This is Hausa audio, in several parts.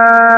Uh...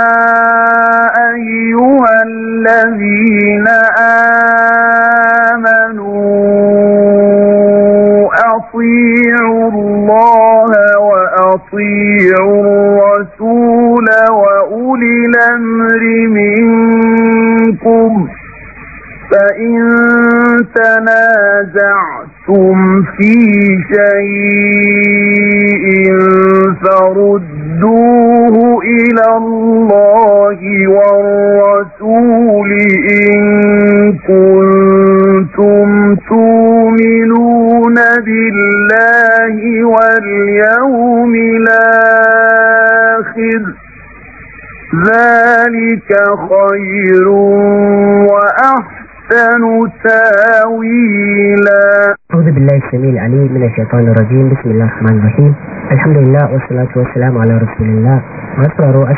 الرجيم بسم الله الرحمن الرحيم الحمد لله والصلاة والسلام على رسول الله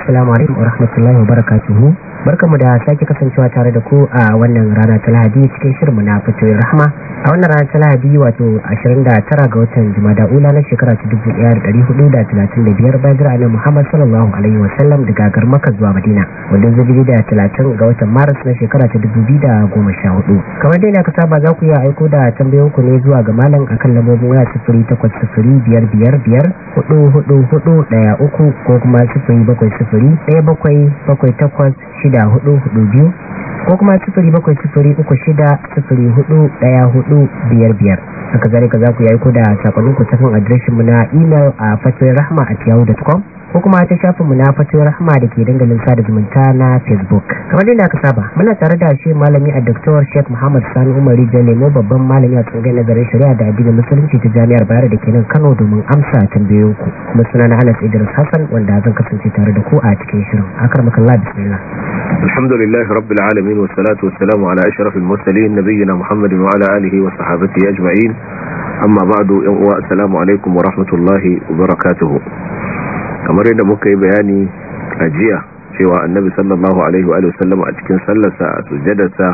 السلام عليكم ورحمة الله وبركاته barkamu da sake kasancewa tare da ku a wannan rana ta lahadi cikin shirin na fito rahama a wannan rana ta lahadi wato 29 ga watan jumada ula na shekara ta 1435 bayan jira na muhammad sallallahu alaihi wasallam daga garmaka zuwa madina wanda zai da 30 ga watan maris na shekara ta da goma 2014 kamar dai na ka saba za ku iya aiko da tambayoyin ku ne zuwa ga malam akan lambobin waya uku ko kuma shida. shida hudu hudu biyu ko kuma sifiri bakwai sifiri uku shida sifiri hudu daya hudu biyar biyar haka ka za ku yi ko da sakonninku ta kan adireshinmu na imel a fatirahma a tiyahu.com ko kuma ta shafin mu na rahama da ke dangalin sada zumunta na facebook kamar yadda aka saba muna tare da shi malami a Dr. Sheikh Muhammad Sani Umar Rijo Lemo babban malami a tsangayar nazarin shari'a da addinin musulunci ta Jami'ar bayar da ke nan Kano domin amsa tambayoyin ku kuma suna na Anas Idris Hassan wanda zan kasance tare da ku a cikin shirin akarmakallah bismillah alhamdulillah rabbil alamin was salatu was ala ashrafil mursalin nabiyina Muhammadin wa ala alihi wa sahbihi ajma'in amma ba'du yan uwa assalamu alaikum wa rahmatullahi wa barakatuh kamar yadda muka yi bayani a jiya cewa annabi sallallahu alaihi wa sallam a cikin sallarsa a sujjadarsa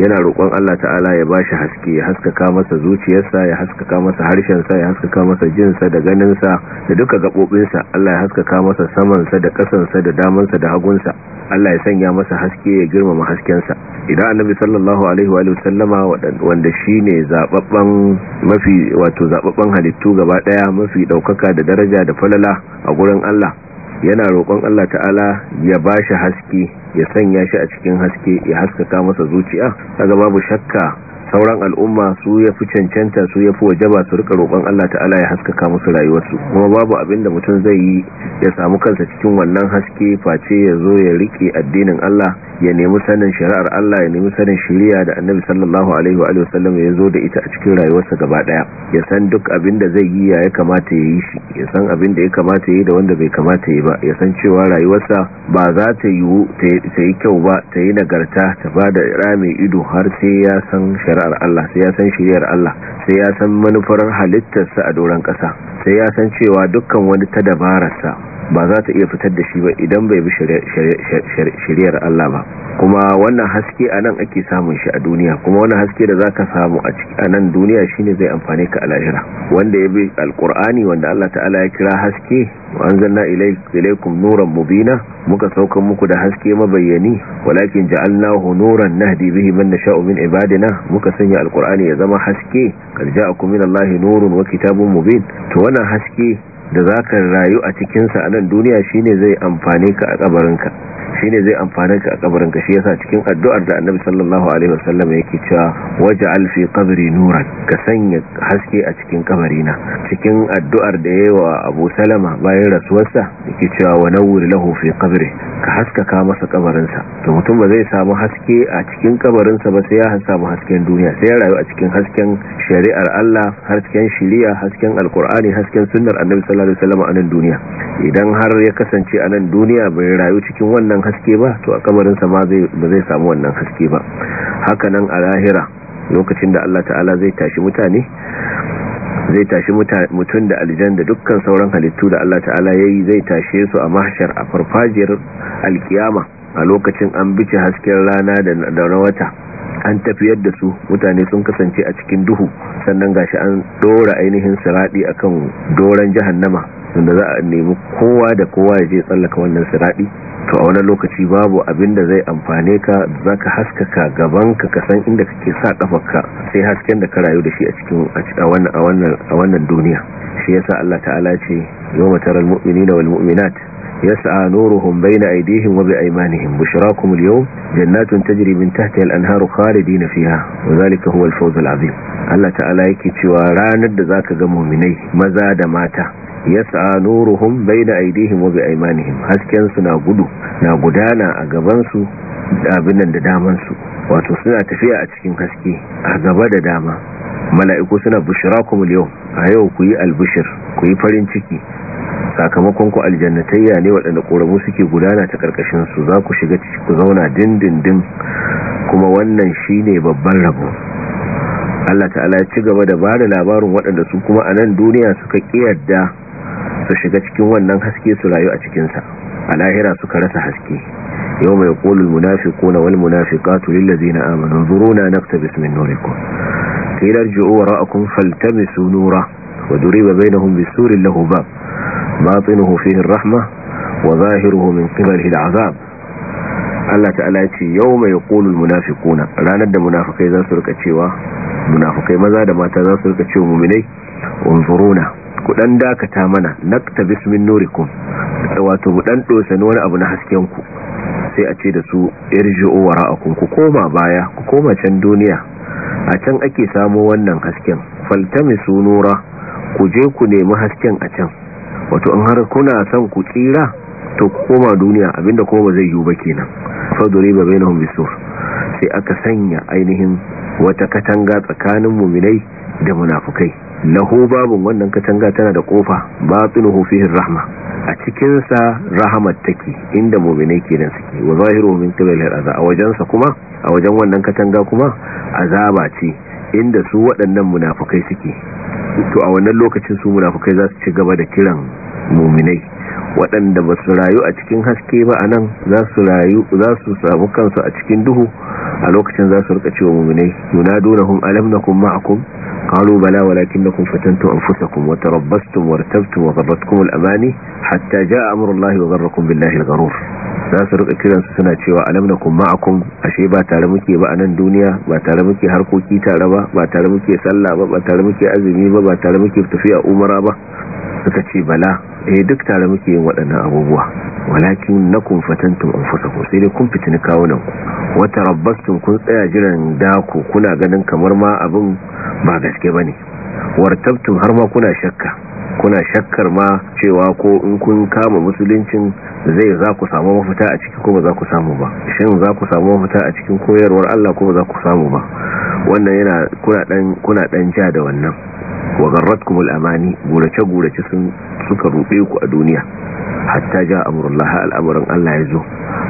yana roƙon Allah ta'ala ya ba shi haske ya haskaka masa zuciyarsa ya haskaka masa harshensa ya haskaka masa jinsa da ganinsa da duka gaɓoɓinsa Allah ya haskaka masa samansa da ƙasansa da damansa da hagunsa Allah ya sanya masa haske ya girmama haskensa idan annabi sallallahu alaihi wa sallama wanda shine zababban mafi wato zababban halittu gaba daya mafi daukaka da daraja da falala a gurin Allah yana roƙon Allah ta'ala ya ba shi haske ya sanya shi a cikin haske ya haskaka masa zuciya kaga babu shakka sauran al'umma su ya fi cancanta su ya fi waje ba su rika roƙon Allah ta'ala ya haskaka musu rayuwarsu kuma babu abin da mutum zai yi ya samu kansa cikin wannan haske face ya zo ya rike addinin Allah ya nemi sanin shari'ar Allah ya nemi sanin shari'a da Annabi sallallahu alaihi wa sallam ya zo da ita a cikin rayuwarsa gaba daya ya san duk abin da zai yi ya kamata ya yi shi ya san abin da ya kamata ya yi da wanda bai kamata ya yi ba ya san cewa rayuwarsa ba za ta yi ta yi kyau ba ta yi nagarta ta ba da rame ido har sai ya san shari'a shari'ar Allah sai ya san shari'ar Allah sai ya san manufar halittarsa a doron ƙasa sai ya san cewa dukkan wani ta dabararsa ba za ta iya fitar da shi ba idan bai bi shari'ar Allah ba kuma wannan haske a nan ake samun shi a duniya kuma wannan haske da za ka samu a nan duniya shi ne zai amfane ka a lahira wanda ya bi alkur'ani wanda Allah ta'ala ya kira haske anzalna ilaykum nuran mubina muka saukan muku da haske mabayyani walakin ja'alnahu nuran nahdi bihi man nasha'u min ibadina muka sanya alkur'ani ya zama haske kad ja'akum minallahi Allah nurun wa kitabun mubin to wannan haske da za ka rayu a cikinsa a nan duniya shi ne zai amfane ka a kabarinka shi ne zai amfane ka a kabarinka shi yasa cikin addu'ar da annabi sallallahu alaihi wasallam ke cewa waje alfi kabari nura ka sanya haske a cikin kabarina cikin addu'ar da ya yi wa abu salama bayan rasuwarsa ke cewa wa wuri lahu fi kabari ka haskaka masa kabarinsa to mutum ba zai samu haske a cikin kabarinsa ba sai ya samu hasken duniya sai ya rayu a cikin hasken shari'ar Allah hasken shari'a hasken alqur'ani hasken sunnar annabi sallallahu alaihi wasallam a nan duniya idan har ya kasance a nan duniya bai rayu cikin wannan haske ba to a sa ma ba zai samu wannan haske ba haka nan a lahira lokacin da Allah ta'ala zai tashi mutane zai tashi mutum da aljan da dukkan sauran halittu da Allah ta'ala ya zai tashe su a mahshar a farfajiyar alkiyama a lokacin an bice hasken rana da rawata. wata an tafiyar da su mutane sun kasance a cikin duhu sannan gashi an dora ainihin siradi akan doran jahannama wanda za a nemi kowa da kowa ya je tsallaka wannan siradi to a wani lokaci babu abin da zai amfane ka zaka haskaka gaban ka san inda kake sa kafarka sai hasken da ka rayu da shi a cikin a wannan a wannan duniya shi yasa Allah ta'ala ce yawma taral mu'minina wal mu'minat yasa nuruhum bayna aydihim wa bi aymanihim bushrakum al-yawm jannatun tajri min tahtiha al-anharu khalidin fiha wa dhalika huwa al-fawz al Allah ta'ala yake cewa ranar da za ka ga mu'minai maza da mata yasa nuruhum bayna aydihim wa bi aymanihim hasken suna gudu na gudana a gabansu su nan da damansu. wato suna tafiya a cikin haske a gaba da dama mala'iku suna bushrakum al yau ayo ku kuyi al-bushr farin ciki sakamakon ku aljannatayya ne waɗanda ƙoramu suke gudana ta ƙarƙashin su za ku shiga ku zauna dindindin kuma wannan shine babban rabo Allah ta'ala ci gaba da ba da labarin waɗanda su kuma a nan duniya suka ƙiyarda su shiga cikin wannan haske su rayu a cikinsa a lahira suka rasa haske yau mai ƙolul munafiquna wal na lillazina amanu zuruna naktabis min nurikum qila irji'u wara'akum faltamisu nura wa duriba na bisurin lahu ba باطنه فيه rahma وظاهره من min العذاب Allah ta'ala ya ce yau yawma yaqulu almunafiquna ranar da munafikai za su rika cewa munafikai maza da mata za su rika cewa mu'minai unzuruna ku dan dakata mana naktabis min nurikum wato mu dan dosa wani abu na hasken ku sai a ce da su yar irji'u wara'akum ku koma baya ku koma can duniya a can ake samo wannan hasken faltamisu nura ku je ku nemi hasken a can wato an har kuna son ku tsira to koma duniya abinda kuma ba zai yiwu ba kenan fadure ba bai na sai aka sanya ainihin wata katanga tsakanin muminai da munafukai lahu babun wannan katanga tana da kofa batsun fihi rahma a cikin sa take inda muminai kenan suke wa zahiru min qibalil azab a wajen kuma a wajen wannan katanga kuma azaba ce inda su waɗannan munafukai suke to a wannan lokacin su munafukai za su ci gaba da kiran muminai waɗanda ba su rayu a cikin haske ba a nan za su rayu za su samu kansu a cikin duhu a lokacin za su rika cewa muminai yunadunahum alam nakum ma'akum qalu bala walakinnakum fatantum anfusakum kuma wata wa tartabtum wa gharratkum amani hatta jaa amru Allahi wa gharrakum billahi al za su rika kiran su suna cewa alam a kun ashe ba tare muke ba a nan duniya ba tare muke harkoki tare ba ba tare muke sallah ba ba tare muke azumi ba ba tare muke tafiya umara ba suka ce bala eh duk tare muke yin waɗannan abubuwa walakin nakum fatantum anfusakum sai dai kun fitini kawunan ku wata rabbastum kun tsaya jiran dako kuna ganin kamar ma abin ba gaske bane wartabtum har ma kuna shakka kuna shakkar ma cewa ko in kun kama musuluncin zai za ku samu mafita a ciki ko ba za ku samu ba shin za ku samu mafita a cikin koyarwar Allah ko ba za ku samu ba wannan yana kuna dan kuna ja da wannan wa garratkum al gurace gurace sun suka rube ku a duniya hatta ja amrullah al'amuran Allah ya zo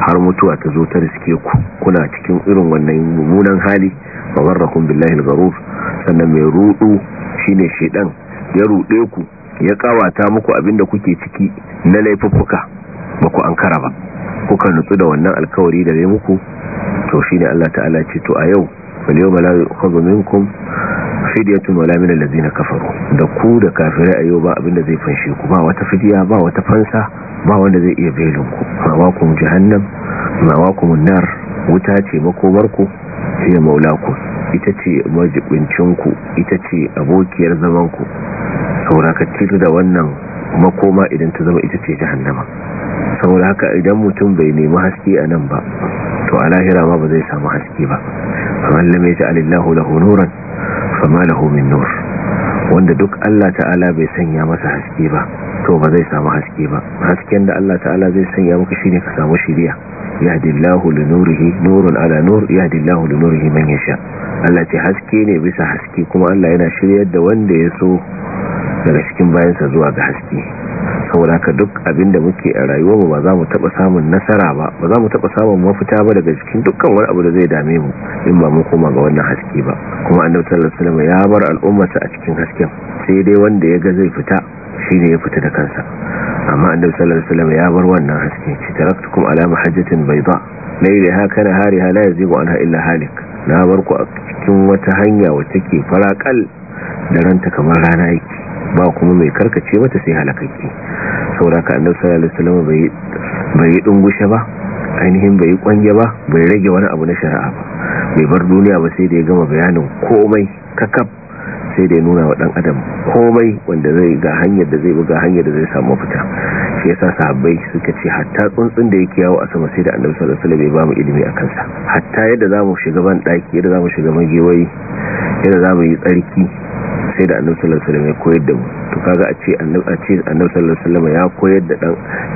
har mutuwa ta zo ta riske ku kuna cikin irin wannan mummunan hali wa garrakum billahi al sannan mai rudu shine shedan ya rude ku ya kawata muku abinda kuke ciki na laifuffuka ba ku an kara ba kuka nutsu da wannan alkawari da zai muku to shi ne Allah ta'ala ce to a yau wal yau bala yukhadhu minkum fidyatun wala min allazina kafaru da ku da kafirai a yau ba abinda zai fanshe ku ba wata fidiya ba wata fansa ba wanda zai iya belin ku mawakum jahannam kuma nar wuta ce makomarku sai ku. ita ce majibincinku ita ce abokiyar zamanku saboda ka tilu da wannan makoma idan ta zama ita ce jahannama saboda haka idan mutum bai nemi haske a nan ba to a lahira ma ba zai samu haske ba kamar lamai ji alillahu lahu nuran fama lahu min nur wanda duk Allah ta'ala bai sanya masa haske ba to ba zai samu haske ba hasken da Allah ta'ala zai sanya maka shine ka samu shiriya yahdillahu li nurihi nurun ala nur yahdillahu li nurihi man yasha Allah ce haske ne bisa haske kuma Allah yana shiryar da wanda ya so daga cikin bayansa zuwa ga haske saboda haka duk abinda muke a rayuwarmu ba za mu taba samun nasara ba ba za mu taba samun mafita ba daga cikin dukkan wani abu da zai dame mu in ba mu koma ga wannan haske ba kuma annabi sallallahu alaihi wasallam ya bar al'ummata a cikin hasken sai dai wanda ya ga zai fita shine ya fita da kansa amma annabi sallallahu alaihi wasallam ya bar wannan haske ci taraktukum ala mahajjatin bayda lailaha kana hari hala yazigu anha illa halik na bar ku a cikin wata hanya wacce ke farakal da ranta kamar rana yake ba kuma mai karkace mata sai halakakke sauraka ka annabi sallallahu bai yi dungushe ba ainihin bai yi kwanye ba bai rage wani abu na shari'a ba bai bar duniya ba sai da ya gama bayanin komai kakaf sai da ya nuna wa dan adam komai wanda zai ga hanyar da zai buga hanyar da zai samu fita shi yasa sahabbai suka ce hatta tsuntsun da ya yawo a sama sai da annabi sallallahu salama bai ba mu ilimi a kansa hatta yadda zamu shiga ban ɗaki yadda zamu shiga magewayi yadda zamu yi tsarki sai da annabi sallallahu alaihi wasallam ya koyar da mu to kaga a ce annabi a ce annabi sallallahu alaihi wasallam ya koyar da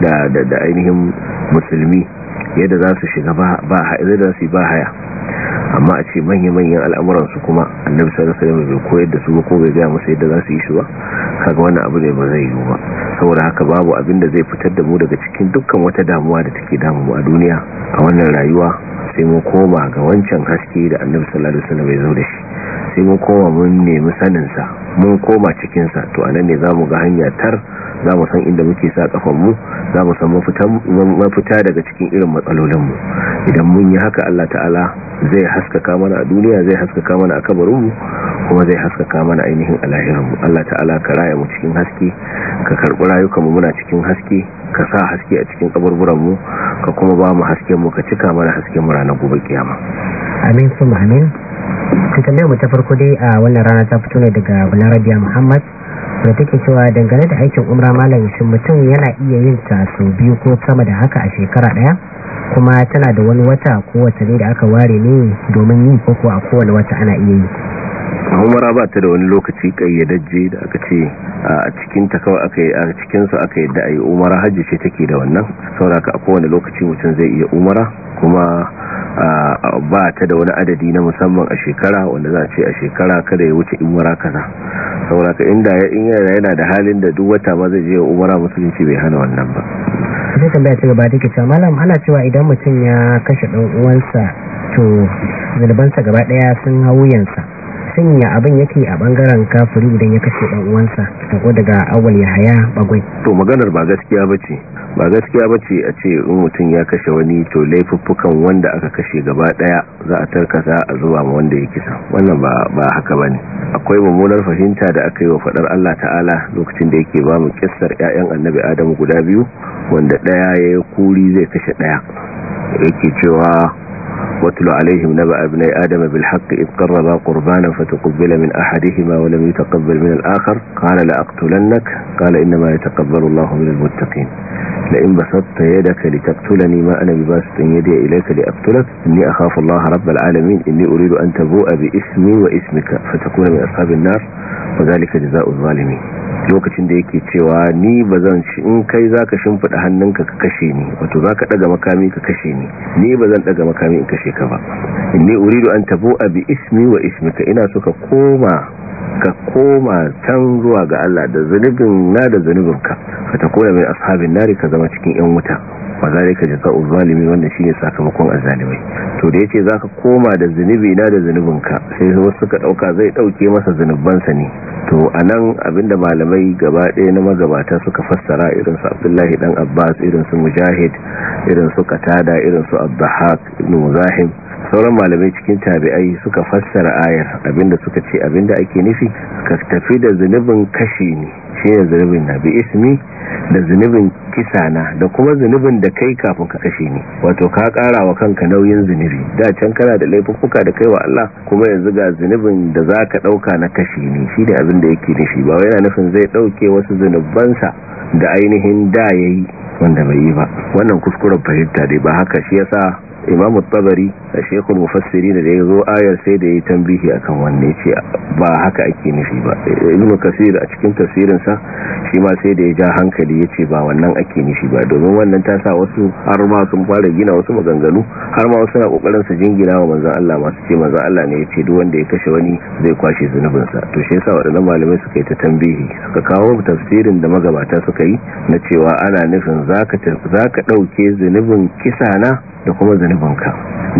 dan da da ainihin musulmi yadda za su shiga ba ba yadda da su ba haya amma a ce manya-manyan al'amuran su kuma annabi sallallahu alaihi wasallam bai koyar da su ko bai ga musu yadda za su yi shi ba kaga wannan abu ne ba zai yi ba saboda haka babu abin da zai fitar da mu daga cikin dukkan wata damuwa da take damu mu a duniya a wannan rayuwa sai mu koma ga wancan haske da annabi sallallahu alaihi wasallam ya zo da shi sai mun koma mun nemi saninsa mun koma cikinsa to anan ne za ga hanya tar za san inda muke sa kafanmu za mu san mafita daga cikin irin matsalolinmu idan mun yi haka Allah ta'ala zai haskaka mana a duniya zai haskaka mana a kabarinmu kuma zai haskaka mana ainihin mu Allah ta'ala ka raya mu cikin haske ka karɓi rayukanmu muna cikin haske ka sa haske a cikin kaburburanmu ka kuma ba mu haske mu ka cika mana mu ranar gobe kiyama amin sun amin tambayar mu ta farko dai a wannan rana ta fito ne daga Balarabiya Muhammad da take cewa dangane da aikin umra malam shin mutum yana iya yin ta sau biyu ko sama da haka a shekara daya kuma tana da wani wata ko watanni da aka ware ne domin yi koko a kowane wata ana iya yi umara ba ta da wani lokaci kayyadajje da aka ce a cikin ta kawai aka yi a cikin aka yadda yi umara hajji ce take da wannan sauraka a kowane lokaci mutum zai iya umara kuma ba ta da wani adadi na musamman a shekara wanda za a ce a shekara kada ya wuce umara kaza sauraka inda ya yana da halin da duk wata ma zai je ya umara musulunci bai hana wannan ba sai tambaya ta gaba take cewa malam ana cewa idan mutum ya kashe dan uwansa to zulubansa gaba daya sun hauyansa sanya abin yake a bangaren kafiri idan ya kashe dan uwansa tako daga awal ya haya bagwai to maganar ba gaskiya bace ba gaskiya bace a ce in mutum ya kashe wani to laifuffukan wanda aka kashe gaba daya za a tarkasa a zuwa ma wanda ya kisa wannan ba ba haka bane akwai mummunar fahimta da aka yi wa fadar Allah ta'ala lokacin da yake ba mu kissar ƴaƴan annabi adamu guda biyu wanda daya yayi kuri zai kashe daya yake cewa واتل عليهم نبأ ابني آدم بالحق إذ قربا قربانا فتقبل من أحدهما ولم يتقبل من الآخر قال لأقتلنك قال إنما يتقبل الله من المتقين لئن بسطت يدك لتقتلني ما أنا بباسط يدي إليك لأقتلك إني أخاف الله رب العالمين إني أريد أن تبوء بإسمي وإسمك فتكون من أصحاب النار وذلك جزاء الظالمين lokacin da yake cewa ni ba zan shi in kai zaka shimfida hannunka ka kashe ni wato zaka daga makami ka kashe ni ni ba zan daga makami in kashe zalunce ka ba inni uridu an tabo bi ismi wa ismika ina so ka koma ka koma can zuwa ga Allah da zunubin na da zunubinka ka ta kona mai ashabin nari ka zama cikin yan wuta wa zalika jazaa'u zalimi wannan shine sakamakon azalimai to da yace zaka koma da zunubi na da ka sai wasu suka dauka zai dauke masa zunubansa ne to anan abinda malamai gaba ɗaya na magabata suka fassara irin su Abdullahi dan Abbas irin su Mujahid irin su Qatada irin su Abdahak ibn Muzahim sauran malamai cikin tabi'ai suka fassara ayar abinda suka ce abinda ake nufi suka tafi da zunubin kashi ne shi ne zunubin na bi ismi da zunubin kisa na da kuma zunubin da kai kafin ka kashe ne wato ka kara wa kanka nauyin zunubi da can kana da laifuffuka da kai wa Allah kuma yanzu ga zunubin da za ka ɗauka na kashe ne. shi ne abinda yake nufi ba yana nufin zai ɗauke wasu zunubansa da ainihin da ya yi wanda bai yi ba wannan kuskuren fahimta dai ba haka shi yasa imam tabari a shekul mufassiri da ya zo ayar sai da ya yi tambihi akan wanne ce ba haka ake nufi ba ibn kasir a cikin tafsirinsa shi ma sai da ya ja hankali ya ce ba wannan ake nufi ba domin wannan ta sa wasu har ma sun fara gina wasu maganganu har ma wasu na kokarin su jingina wa manzon Allah masu ce manzon Allah ne ya ce duk wanda ya kashe wani zai kwashe zunubinsa to shi yasa waɗannan malamai suka yi ta tambihi suka kawo tafsirin da magabata suka yi na cewa ana nufin zaka zaka dauke zunubin kisa na da kuma zanubinka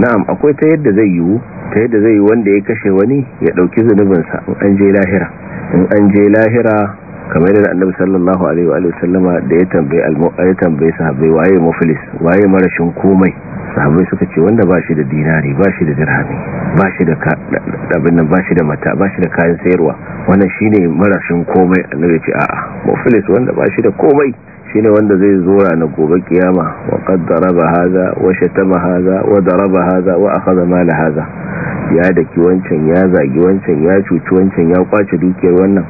na'am akwai ta yadda zai yiwu ta yadda zai yi wanda ya kashe wani ya dauki zanubinsa in an je lahira in an je lahira kamar yadda annabi sallallahu alaihi wa sallama da ya tambaye ya tambaye sahabbai waye muflis waye marashin komai sahabbai suka ce wanda ba shi da dinari ba shi da dirhami ba shi da abin nan ba shi da mata ba shi da kayan sayarwa wannan shine marashin komai annabi ya ce a'a muflis wanda ba shi da komai shine wanda zai zo ranar gobe kiyama wa qaddara ba haza wa shatama haza wa daraba haza wa akhadha da haza ya daki wancan ya zagi wancan ya cuci wancan ya kwace dukiyar wannan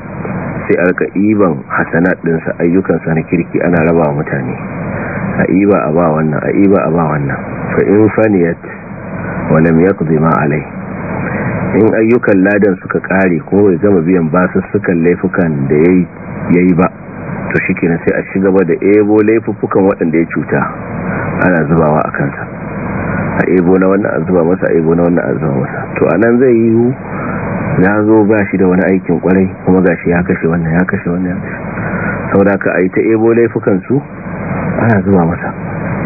sai a iban hasanat dinsa ayyukan na kirki ana raba wa mutane a iba a ba wannan a iba a ba wannan fa in faniyat wa lam yaqdi ma alai in ayyukan ladan suka kare ko bai gama biyan basu sukan laifukan da yayi yayi ba to shi kenan sai a shigaba da ebo laifuffukan waɗanda ya cuta ana zubawa a kansa a ebo na wannan a zuba masa a ebo na wannan a zuba masa to a nan zai yiwu ya zo ba shi da wani aikin kwarai kuma ga shi ya kashe wannan ya kashe wannan ya kashe saboda ka a yi ta ebo laifukansu ana zuba masa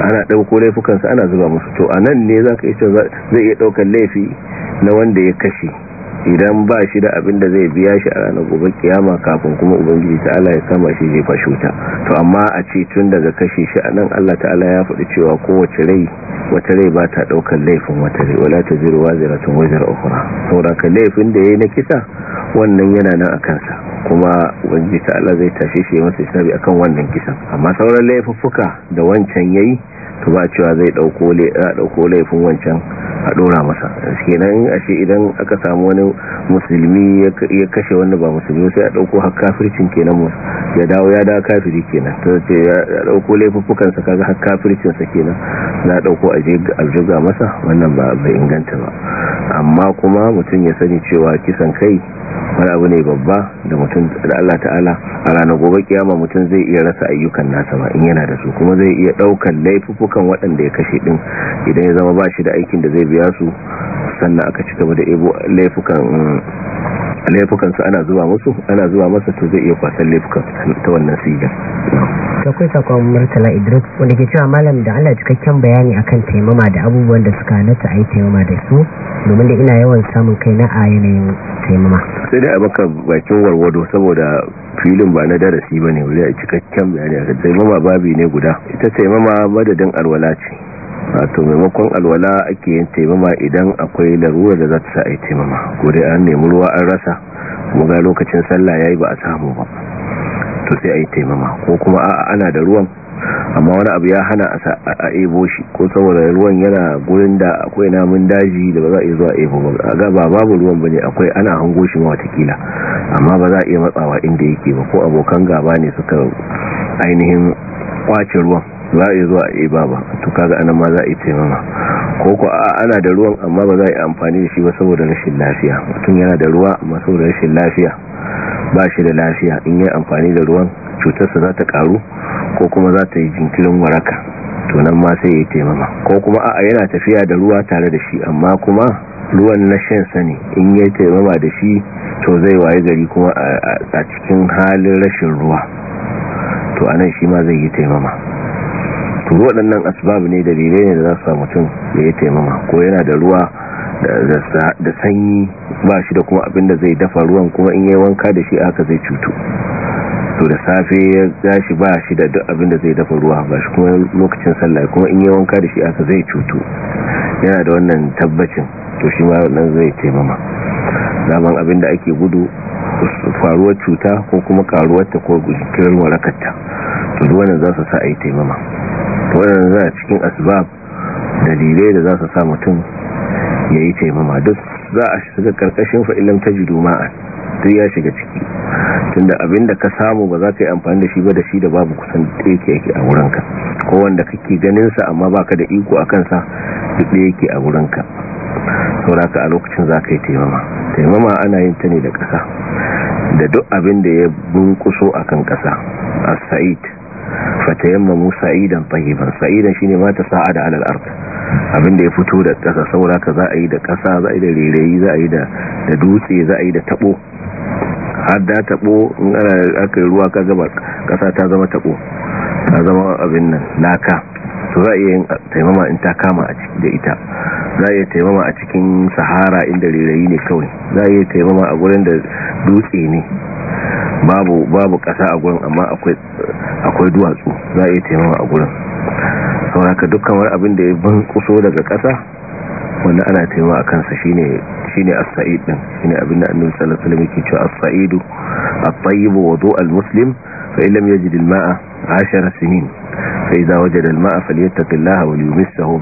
ana ɗauko laifukansu ana zuba masa to a nan ne za ka zai iya ɗaukar laifi na wanda ya kashe idan ba shi da abin da zai biya shi a ranar gobe kiyama kafin kuma ubangiji ta'ala ya kama shi jefa shuta to amma a ce tun daga kashe shi a nan allah ta'ala ya faɗi cewa kowace rai wata rai ba ta ɗaukar laifin wata rai wala ta zira tun wajen ukura sauraka laifin da ya yi na kisa wannan yana nan a kansa kuma ubangiji ta'ala zai tashe shi ya masa a akan wannan kisan amma sauran laifuffuka da wancan yayi to ba cewa zai dauko laifin wancan a dora masa kenan ashe idan aka samu wani musulmi ya kashe wanda ba musulmi sai a dauko har kafircin kenan mu ya dawo ya dawo kafiri kenan to ce ya dauko laifukan sa kaga har kafircin kenan za dauko aje aljuga masa wannan ba inganta ba amma kuma mutum ya sani cewa kisan kai wani abu ne babba da mutum da Allah ta'ala a ranar gobe kiyama mutum zai iya rasa ayyukan nasa ba in yana da su kuma zai iya daukan laifuffukan dukkan waɗanda ya kashe ɗin idan ya zama ba shi da aikin da zai biya su sannan aka ci gaba da ebo laifukan mm, laifukansu ana zuwa musu ana zuwa masa to zai iya kwasan laifukan ta wannan sigar. akwai sakon murtala idris wanda ke cewa malam da ana cikakken bayani akan taimama da abubuwan da suka nata a yi taimama da su domin da ina yawan samun kai na a yanayin taimama sai dai a baka bakin warwado saboda filin ba na darasi ba ne wuri a cikakken bayani akan taimama babi ne guda ita taimama madadin alwala ce wato maimakon alwala ake yin taimama idan akwai larura da za ta sa a yi taimama ko an nemi ruwa an rasa kuma ga lokacin sallah ya yi ba a samu ba to sai a yi taimama ko kuma a'a ana da ruwan amma wani abu ya hana a ebo shi ko saboda ruwan yana gurin da akwai namun daji da ba za a yi zuwa ebo ba a gaba babu ruwan ba ne akwai ana hango shi ma watakila amma ba za a iya matsawa inda yake ba ko abokan gaba ne suka ainihin kwace ruwan za a yi zuwa a ba ba to kaga anan ma za a yi taimama ko ko ana da ruwan amma ba za a yi amfani da shi ba saboda rashin lafiya mutum yana da ruwa amma saboda rashin lafiya ba shi da lafiya in yi amfani da ruwan cutarsa za ta karu ko kuma za ta yi jinkirin waraka to nan ma sai ya yi taimama ko kuma a'a yana tafiya da ruwa tare da shi amma kuma ruwan na shan sani in yi taimama da shi to zai waye gari kuma a cikin halin rashin ruwa to anan shi ma zai yi taimama waɗannan asbab ne dalilai ne da za su sa da ya taimama ko yana da ruwa da sanyi ba shi da kuma abin da zai dafa ruwan kuma in yi wanka da shi aka zai cutu to da safe ya gashi ba shi da duk abin da zai dafa ruwa ba shi kuma lokacin sallah kuma in yi wanka da shi aka zai cutu yana da wannan tabbacin to shi ma wannan zai taimama daman abin da ake gudu faruwar cuta ko kuma karuwarta ko kirar warakarta to duwanin za su sa a yi taimama wannan za cikin asbab dalilai da za su sa mutum ya yi taimama duk za a shiga karkashin fa'ilam ta jidu duk ya shiga ciki tunda da ka samu ba za ka yi amfani da shi ba da shi da babu kusan da yake a wurinka ko wanda kake ganinsa amma ba ka da iko a kansa duk da yake a wurinka saura ka a lokacin za ka yi taimama taimama ana yin ta ne da ƙasa da duk abin da ya bunkuso a kan ƙasa a sa'id fatayammamu sa'idan tayyiban sa'idan shine ma ala alal ard abinda ya fito da kasa sauraka za a yi da kasa za a yi da rereyi za a yi da dutse za a yi da tabo har da tabo in ana aka yi ruwa ka ba kasa ta zama tabo ta zama abin nan ka to za a iya taimama in ta kama a ciki da ita za a iya taimama a cikin sahara inda rereyi ne kawai za a iya taimama a gurin da dutse ne babu babu kasa a gurin amma akwai akwai duwatsu za a yi taimawa a gurin sauraka duk kamar abin da ya ban kuso daga kasa wanda ana taimawa a kansa shine shine as-sa'id din shine abin da annabi sallallahu alaihi wasallam yake cewa as-sa'idu at-tayyib wudu' al-muslim fa in lam yajid al-ma'a 10 sinin fa idza wajada al-ma'a falyattaqillaha wa liyumsahu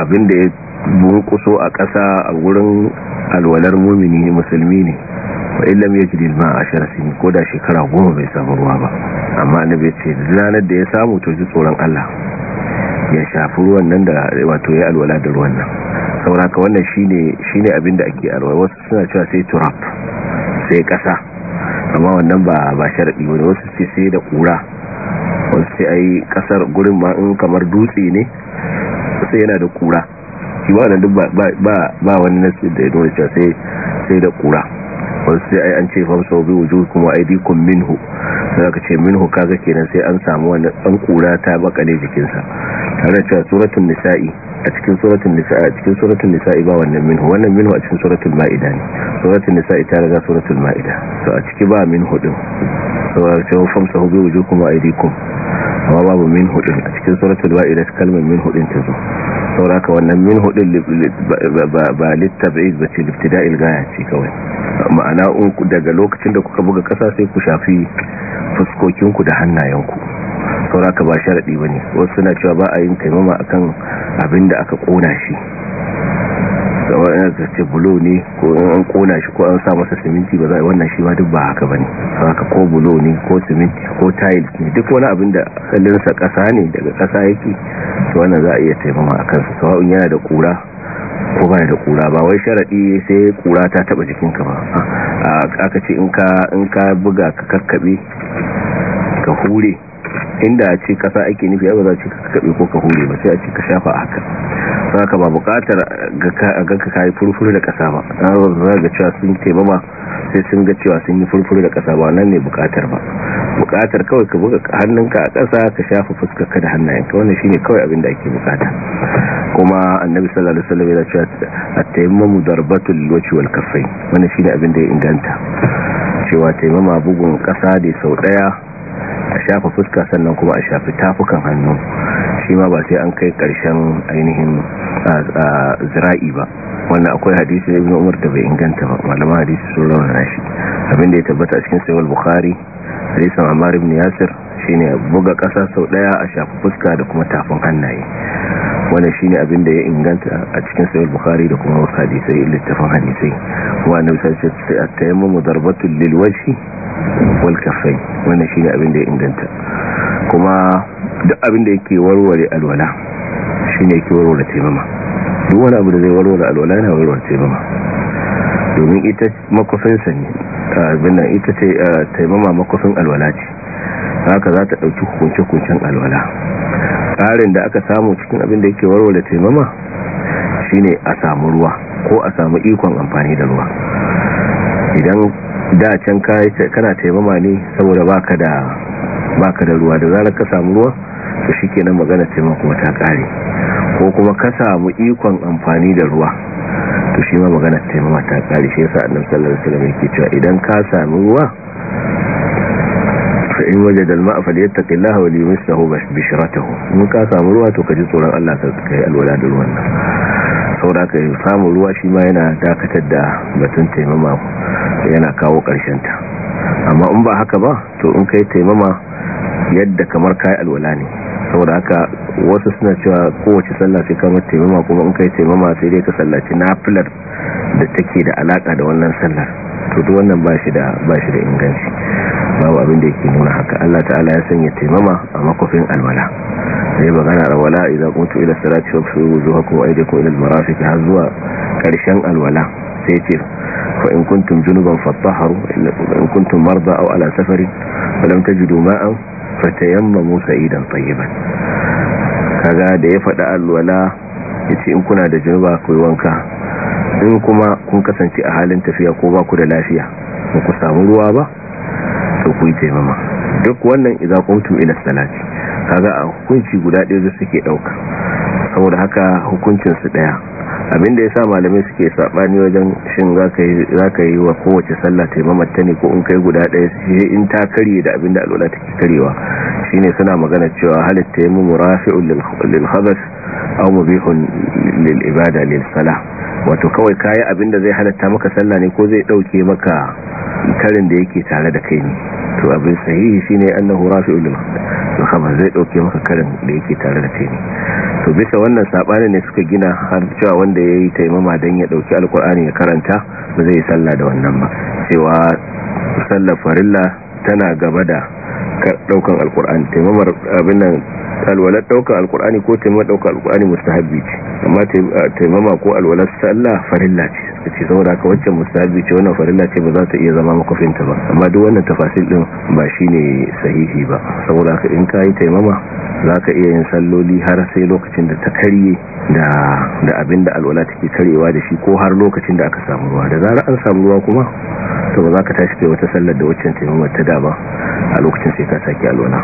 abin da ya bunkuso a ƙasa a wurin alwalar mumini musulmi ne fa illam yajid al a shara sinin ko da shekara goma bai samu ruwa ba amma annabi ya ce ranar da ya samu to ji tsoron Allah ya shafi ruwan nan da wato ya alwala da ruwan nan sauraka wannan shine shine abin da ake alwala wasu suna cewa sai turab sai kasa amma wannan ba ba sharadi bane wasu sai sai da kura wasu sai ai kasar gurin ma in kamar dutse ne sai yana da kura shi ba wannan duk ba ba ba wani da dole cewa sai sai da kura wasu sai ai an ce famsa bi wujuhukum wa aydikum minhu sai aka ce minhu kaga kenan sai an samu wani dan kura ta ne jikinsa tare da suratul nisa'i a cikin suratul nisa'i a cikin suratul nisa'i ba wannan minhu wannan minhu a cikin suratul ma'ida ne suratul nisa'i ta riga suratul ma'ida to a ciki ba minhu din so a ce famsa bi wujuhukum wa aydikum amma babu minhu din a cikin suratul ma'ida kalmar minhu din ta zo sauraka wannan min hudun ba littaba'id ba ce liftida'il gaya ce kawai ma'ana daga lokacin da kuka buga kasa sai ku shafi fuskokinku da hannayenku saura ka ba sharaɗi ba ne wasu suna cewa ba a yin taimama akan abin da aka ƙona shi gaba yana da ce bulo ne ko an kona shi ko an sa masa siminti ba za a yi wannan shi ma duk ba haka ba ne haka ko bulo ne ko siminti ko tayil ne duk wani abin da asalinsa ƙasa ne daga ƙasa yake to wannan za a iya taimama a kansa sawa'un yana da ƙura ko baya da kura ba wai sharadi sai kura ta taba jikinka ba aka ce in ka in ka buga ka kakkabe ka hure inda a ce kasa ake nufi ba za ce ka kakkabe ko ka hure ba sai a ce ka shafa haka saka ba bukatar ga ka kai furfuru da kasa ba za ga cewa sun taimama sai sun ga cewa sun yi furfuru da kasa ba nan ne bukatar ba bukatar kawai ka buga hannunka a kasa ka shafa fuskar ka da hannayenka wannan shine kawai abin da ake bukata kuma annabi sallallahu alaihi wasallam ya ce at taymamu darbatul wajhi wal kaffayn wannan shine abin da ya inganta cewa taymama bugun kasa da sau daya a shafa fuska sannan kuma a shafi tafukan hannu shi ma ba sai an kai karshen ainihin zira'i ba wannan akwai hadisi ibn umar da bai inganta ba malaman hadisi sun rawana shi abin da ya tabbata a cikin sahih bukhari hadisi amar ibn yasir shine buga kasa sau daya a shafa fuska da kuma tafin hannaye wannan shine abin da ya inganta a cikin sahih bukhari da kuma wasu hadisai littafin hadisai wa annabi sallallahu alaihi wasallam tayammamu darbatul lil wajhi wal kaffai wannan shine abin da ya inganta kuma duk abin da yake warware alwala shine yake warware taimama duk wani abu da zai warware alwala yana warware taimama domin ita makofin sani abin nan ita ce taimama makofin alwala ce haka za ta ɗauki hukunce-hukuncen alwala karin da aka samu cikin abin da yake warware taimama shine a samu ruwa ko a samu ikon amfani da ruwa idan da can kana taimama ne saboda baka da da ruwa da zarar ka samu ruwa to nan magana taimako ta kare ko kuma ka samu ikon amfani da ruwa to shi ma magana taimama ta kare shi ya sa'adun sallar alaihi ke cewa idan ka samu ruwa fa in waje da ma'a falyattaqi Allah wa liyumsahu bishratahu mun ka samu ruwa to kaji tsoron Allah ka kai alwala da ruwan nan saboda ka samu ruwa shi ma yana dakatar da batun taimama yana kawo karshen ta amma in ba haka ba to in kai taimama yadda kamar kai alwala ne saboda haka wasu suna cewa kowace sallah sai kama taimama kuma in kai taimama sai dai ka sallaci nafilar da take da alaka da wannan sallar to duk wannan ba shi da ba shi da inganci babu abin da yake nuna haka Allah ta'ala ya sanya taimama a makofin alwala sai magana alwala idan kuntu ila salati fa zuwa wujuhakum wa ko ila almarafiq har zuwa karshen alwala sai ce fa in kuntum junuban fatahharu in kuntum marda aw ala safarin fa lam tajidu ma'an fatayammamu sa'idan tayyiban kaga da ya faɗa alwala yace in kuna da junuba ku wanka in kuma kun kasance a halin tafiya ko ba ku da lafiya ba ku samu ruwa ba to ku yi taimama duk wannan idan qumtum ila salati kaga a hukunci guda ɗaya da suke dauka saboda haka hukuncin su daya abinda yasa malamai suke sabani wajen shin zaka yi zaka yi wa kowace sallah taimama ta ne ko in kai guda ɗaya sai in ta kare da abinda alwala take karewa shine suna magana cewa halat taimamu rafi'un lil khabath aw mubihun lil ibada lil salah wato kawai kayi abinda zai halatta maka sallah ne ko zai dauke maka karin da yake tare da kai ne to abin sahihi shine annahu rafi'u lil khabar zai dauke maka karin da yake tare da kai ne to bisa wannan sabanin ne suka gina har cewa wanda yi taimama dan ya dauki alkur'ani ya karanta ba zai yi salla da wannan ba cewa sallar farilla tana gaba da daukan alkur'ani taimamar abin nan alwalar daukar alkur'ani ko taimama daukar alkur'ani mustahabi ce amma taimama ko alwalar sallah farilla ce ta ce saboda ka waccan mustahabi ce wannan farilla ce ba za ta iya zama makafinta ba amma duk wannan tafasil din ba shi ne sahihi ba saboda ka in ka yi taimama za ka iya yin salloli har sai lokacin da ta karye da abin da alwala take karyewa da shi ko har lokacin da aka samu ruwa da zarar an samu ruwa kuma to ba za ka tashi kai wata sallar da waccan taimama ta da a lokacin sai ka sake alwala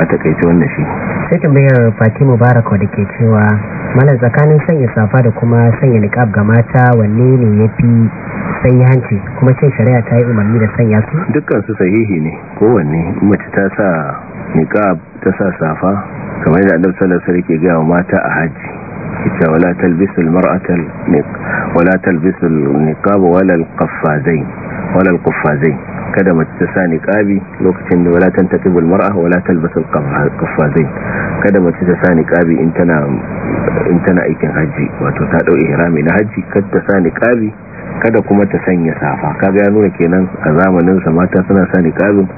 a takaice wannan shi tambayar fati mubarak da ke cewa mana tsakanin sanya safa da kuma sanya niqab ga mata wanne ne ya yafi sanyi hanci kuma cin shari'a ta yi umarni da sanya su dukkan su sahihi ne kowanne mace ta sa niqab ta sa safa kamar da annabi sallallahu alaihi gaya wa mata a hajji ita wala talbisul mar'atal wala talbisul niqab wala kada mace ta sa niqabi lokacin da wala tantaqibul mar'a wala talbasul qaffazain kada mace ta sa niqabi in tana in tana aikin haji wato ta dau ihrami na haji kada ta sa niqabi kada kuma ta sanya safa kaga ya nuna kenan a zamanin sa mata suna sa niqabin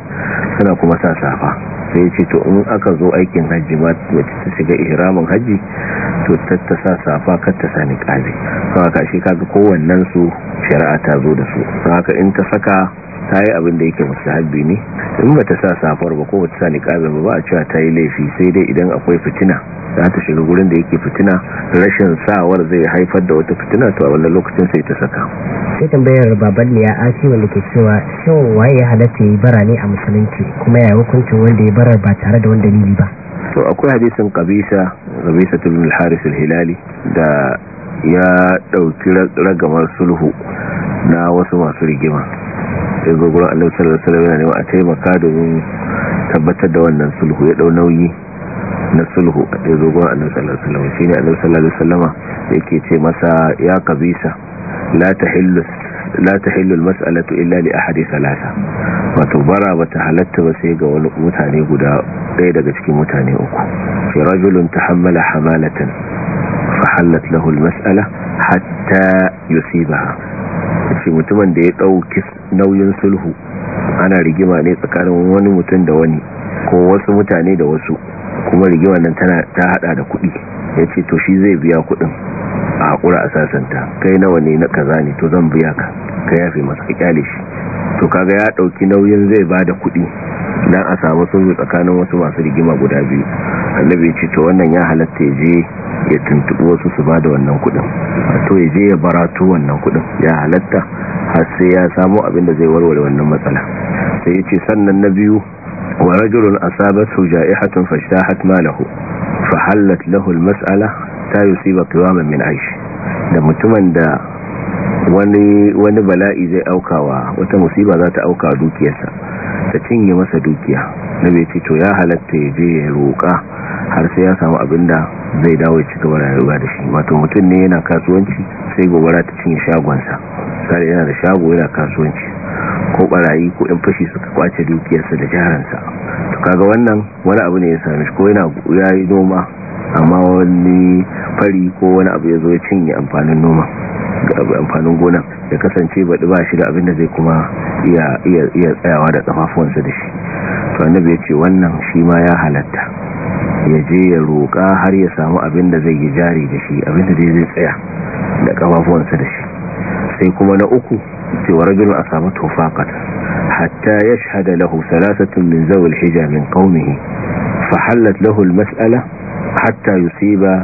suna kuma sa safa sai ce to in aka zo aikin haji ma mace ta shiga ihramin haji to ta sa safa kar ta sa niqabi saboda shi kaga kowannen su shari'a ta zo da su haka in ta saka ta yi abin da yake haɗi ne in ba ta sa safar ba ko ba ta sa niqabin ba ba a cewa ta yi laifi sai dai idan akwai fitina za ta shiga gurin da yake fitina rashin sawar zai haifar da wata fitina to a wannan lokacin sai ta saka sai tambayar baban ya a wanda ke cewa shin waye ya halatta yi bara ne a musulunci kuma ya hukuncin wanda ya bara ba tare da wani dalili ba to akwai hadisin kabisa kabisa tun al-haris al-hilali da ya dauki ragamar sulhu na wasu masu rigima zo gurin sallallahu alaihi wasallam yana neman a taimaka domin tabbatar da wannan sulhu ya dau nauyi na sulhu ya zo gurin annabi sallallahu alaihi wasallam shine annabi sallallahu alaihi wasallam yake ce masa ya kabisa la tahillu la tahillu almas'alatu illa li ahadi thalatha wato bara bata halatta ba sai ga wani mutane guda ɗaya daga cikin mutane uku fi rajulun tahammala hamalatan fa halat lahu almas'ala hatta yusibaha shi mutumin da ya ɗauki nauyin sulhu ana rigima ne tsakanin wani mutum da wani ko wasu mutane da wasu kuma rigima nan ta hada da kuɗi ya ce to shi zai biya kuɗin a haƙura a sasanta kai nawa ne na kaza ne to zan biya ka ka yafe masu kyale shi to kaga ya ɗauki nauyin zai ba da kuɗi don a samu sulhu tsakanin wasu masu rigima guda biyu annabi ce to wannan ya halatta je ya tuntuɓi wasu su ba da wannan kuɗin to ya je ya barato wannan kuɗin ya halatta har sai ya samu abin da zai warware wannan matsala sai ya ce sannan na biyu wa rajulun asabatu ja'ihatun fashtahat malahu fa halat lahu almas'ala ta yusiba qiwaman min aish da mutumin da wani wani bala'i zai aukawa wata musiba za ta auka dukiyarsa ta cinye masa dukiya nabi ya ce to ya halatta ya je ya roƙa har sai ya samu abin da zai dawo ya ci gaba rayuwa da shi wato mutum ne yana kasuwanci sai gobara ta cinye shagonsa misali yana da shago yana kasuwanci ko barayi ko yan fashi suka kwace dukiyarsa da jaransa to kaga wannan wani abu ne ya same shi ko yana yayi noma amma wani fari ko wani abu ya zo ya cinye amfanin noma amfanin gona ya kasance baɗi ba shi da abin da zai kuma iya tsayawa da kafafuwansa da shi to annabi ya ce wannan shi ma ya halatta ya je ya roƙa har ya samu abin da zai yi jari da shi abin da zai tsaya da ƙafafuwansa da shi sai kuma na uku cewa rajulun a samu tofakar hatta ya shahada lahu salasatun min zawul hija min qaumihi fa hallat lahu almas'ala hatta yusiba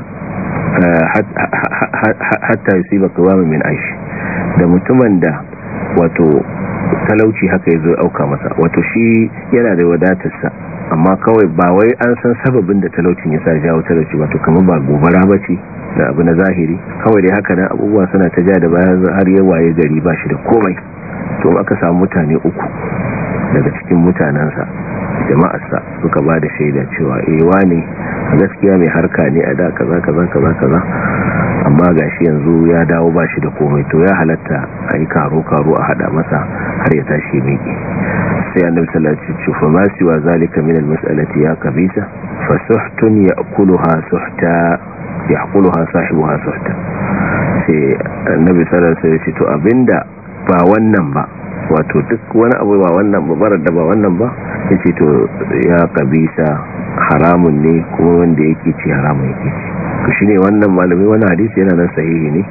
hatta yusiba qiwaman min aish da mutumin da wato talauci haka ya zo auka masa wato shi yana da wadatarsa amma kawai ba wai an san sababin da talaucin ya sa jawo talauci wato kamar ba gobara ba ce da abu na zahiri kawai dai haka nan abubuwa suna ta ja da bayan har ya waye gari ba shi da komai to aka samu mutane uku daga cikin mutanensa jama'arsa suka ba da shaida cewa ewa eh, ne gaskiya mai harka ne a da kaza kaza kaza kaza amma gashi yanzu ya dawo ba shi da komai to ya halatta a yi karo-karo a hada masa har ya tashi miki sai annabi sallallahu alaihi wasallam fa ma siwa zalika min almas'alati ya kabisa fa suhtun ya'kuluha suhta ya'kuluha sahibuha suhta sai annabi sallallahu alaihi ya ce to abinda ba wannan ba wato duk wani abu ba wannan babarar da ba wannan ba ya ce to ya kabisa haramun ne kuma wanda yake ci haramun yake ci to shine wannan malamai wani hadisi yana nan sahihi ne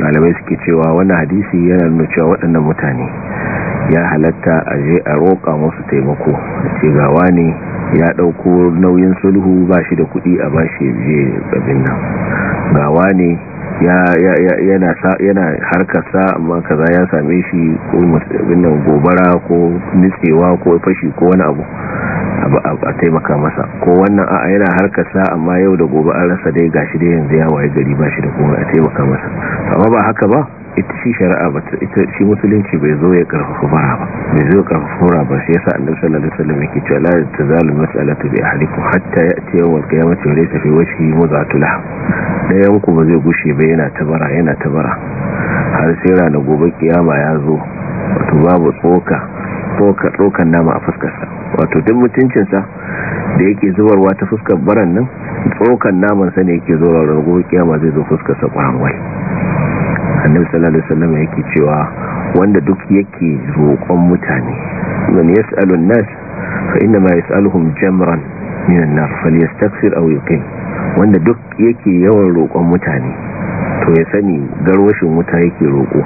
malamai suke cewa wani hadisi yana nuna cewa waɗannan mutane ya halatta a je a roƙa musu taimako ce ga wani ya ɗauko nauyin sulhu ba shi da kuɗi a ba shi je nan ga wani yana harkarsa amma kaza ya same shi ko abinnan gobara ko nitsewa ko fashi ko wani abu a taimaka masa ko wannan a yana harkarsa amma yau da gobe an rasa dai gashi dai yanzu ya waye gari ba shi da kuma a taimaka masa amma ba haka ba ita shi shari'a ba ita shi musulunci bai zo ya karfafa bara ba bai zo ya karfafa bara ba shi yasa annabi sallallahu alaihi wasallam yake cewa la tazalu mas'alatu bi ahlikum hatta ya'ti yawm al-qiyamati wa laysa fi wajhihi muzatulah dayan ku ba zai gushe ba yana tabara yana tabara har sai na gobe kiyama ya zo wato babu tsoka tsoka tsokan nama a fuskarsa wato duk sa da yake zubarwa ta fuskar baran nan tsokan namansa ne yake zuwa ranar gobe kiyama zai zo fuskarsa kwanwai annabi sallallahu alaihi wasallam yake cewa wanda duk yake roƙon mutane man yas'alu an-nas fa inna ma yas'aluhum jamran min an-nar falyastaghfir aw yuqim wanda duk yake yawan roƙon mutane to ya sani garwashin wuta yake roƙo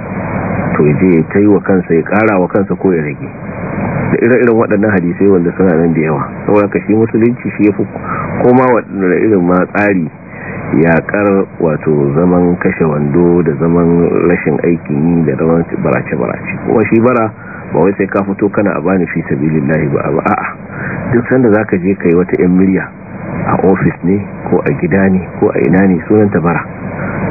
to je ya taiwa kansa ya ƙara wa kansa ko ya rage da ire-iren waɗannan hadisai wanda suna nan da yawa saboda ka shi musulunci shi ya fi koma waɗanda irin ma tsari yakar wato zaman kashe wando da zaman rashin aikin yi da zaman barace-barace kuma shi bara ba wai sai ka fito kana a bani fi sabilillahi ba ba a'a duk sanda za ka je ka yi wata yan miliya a ofis ne ko a gida ne ko a ina ne sunanta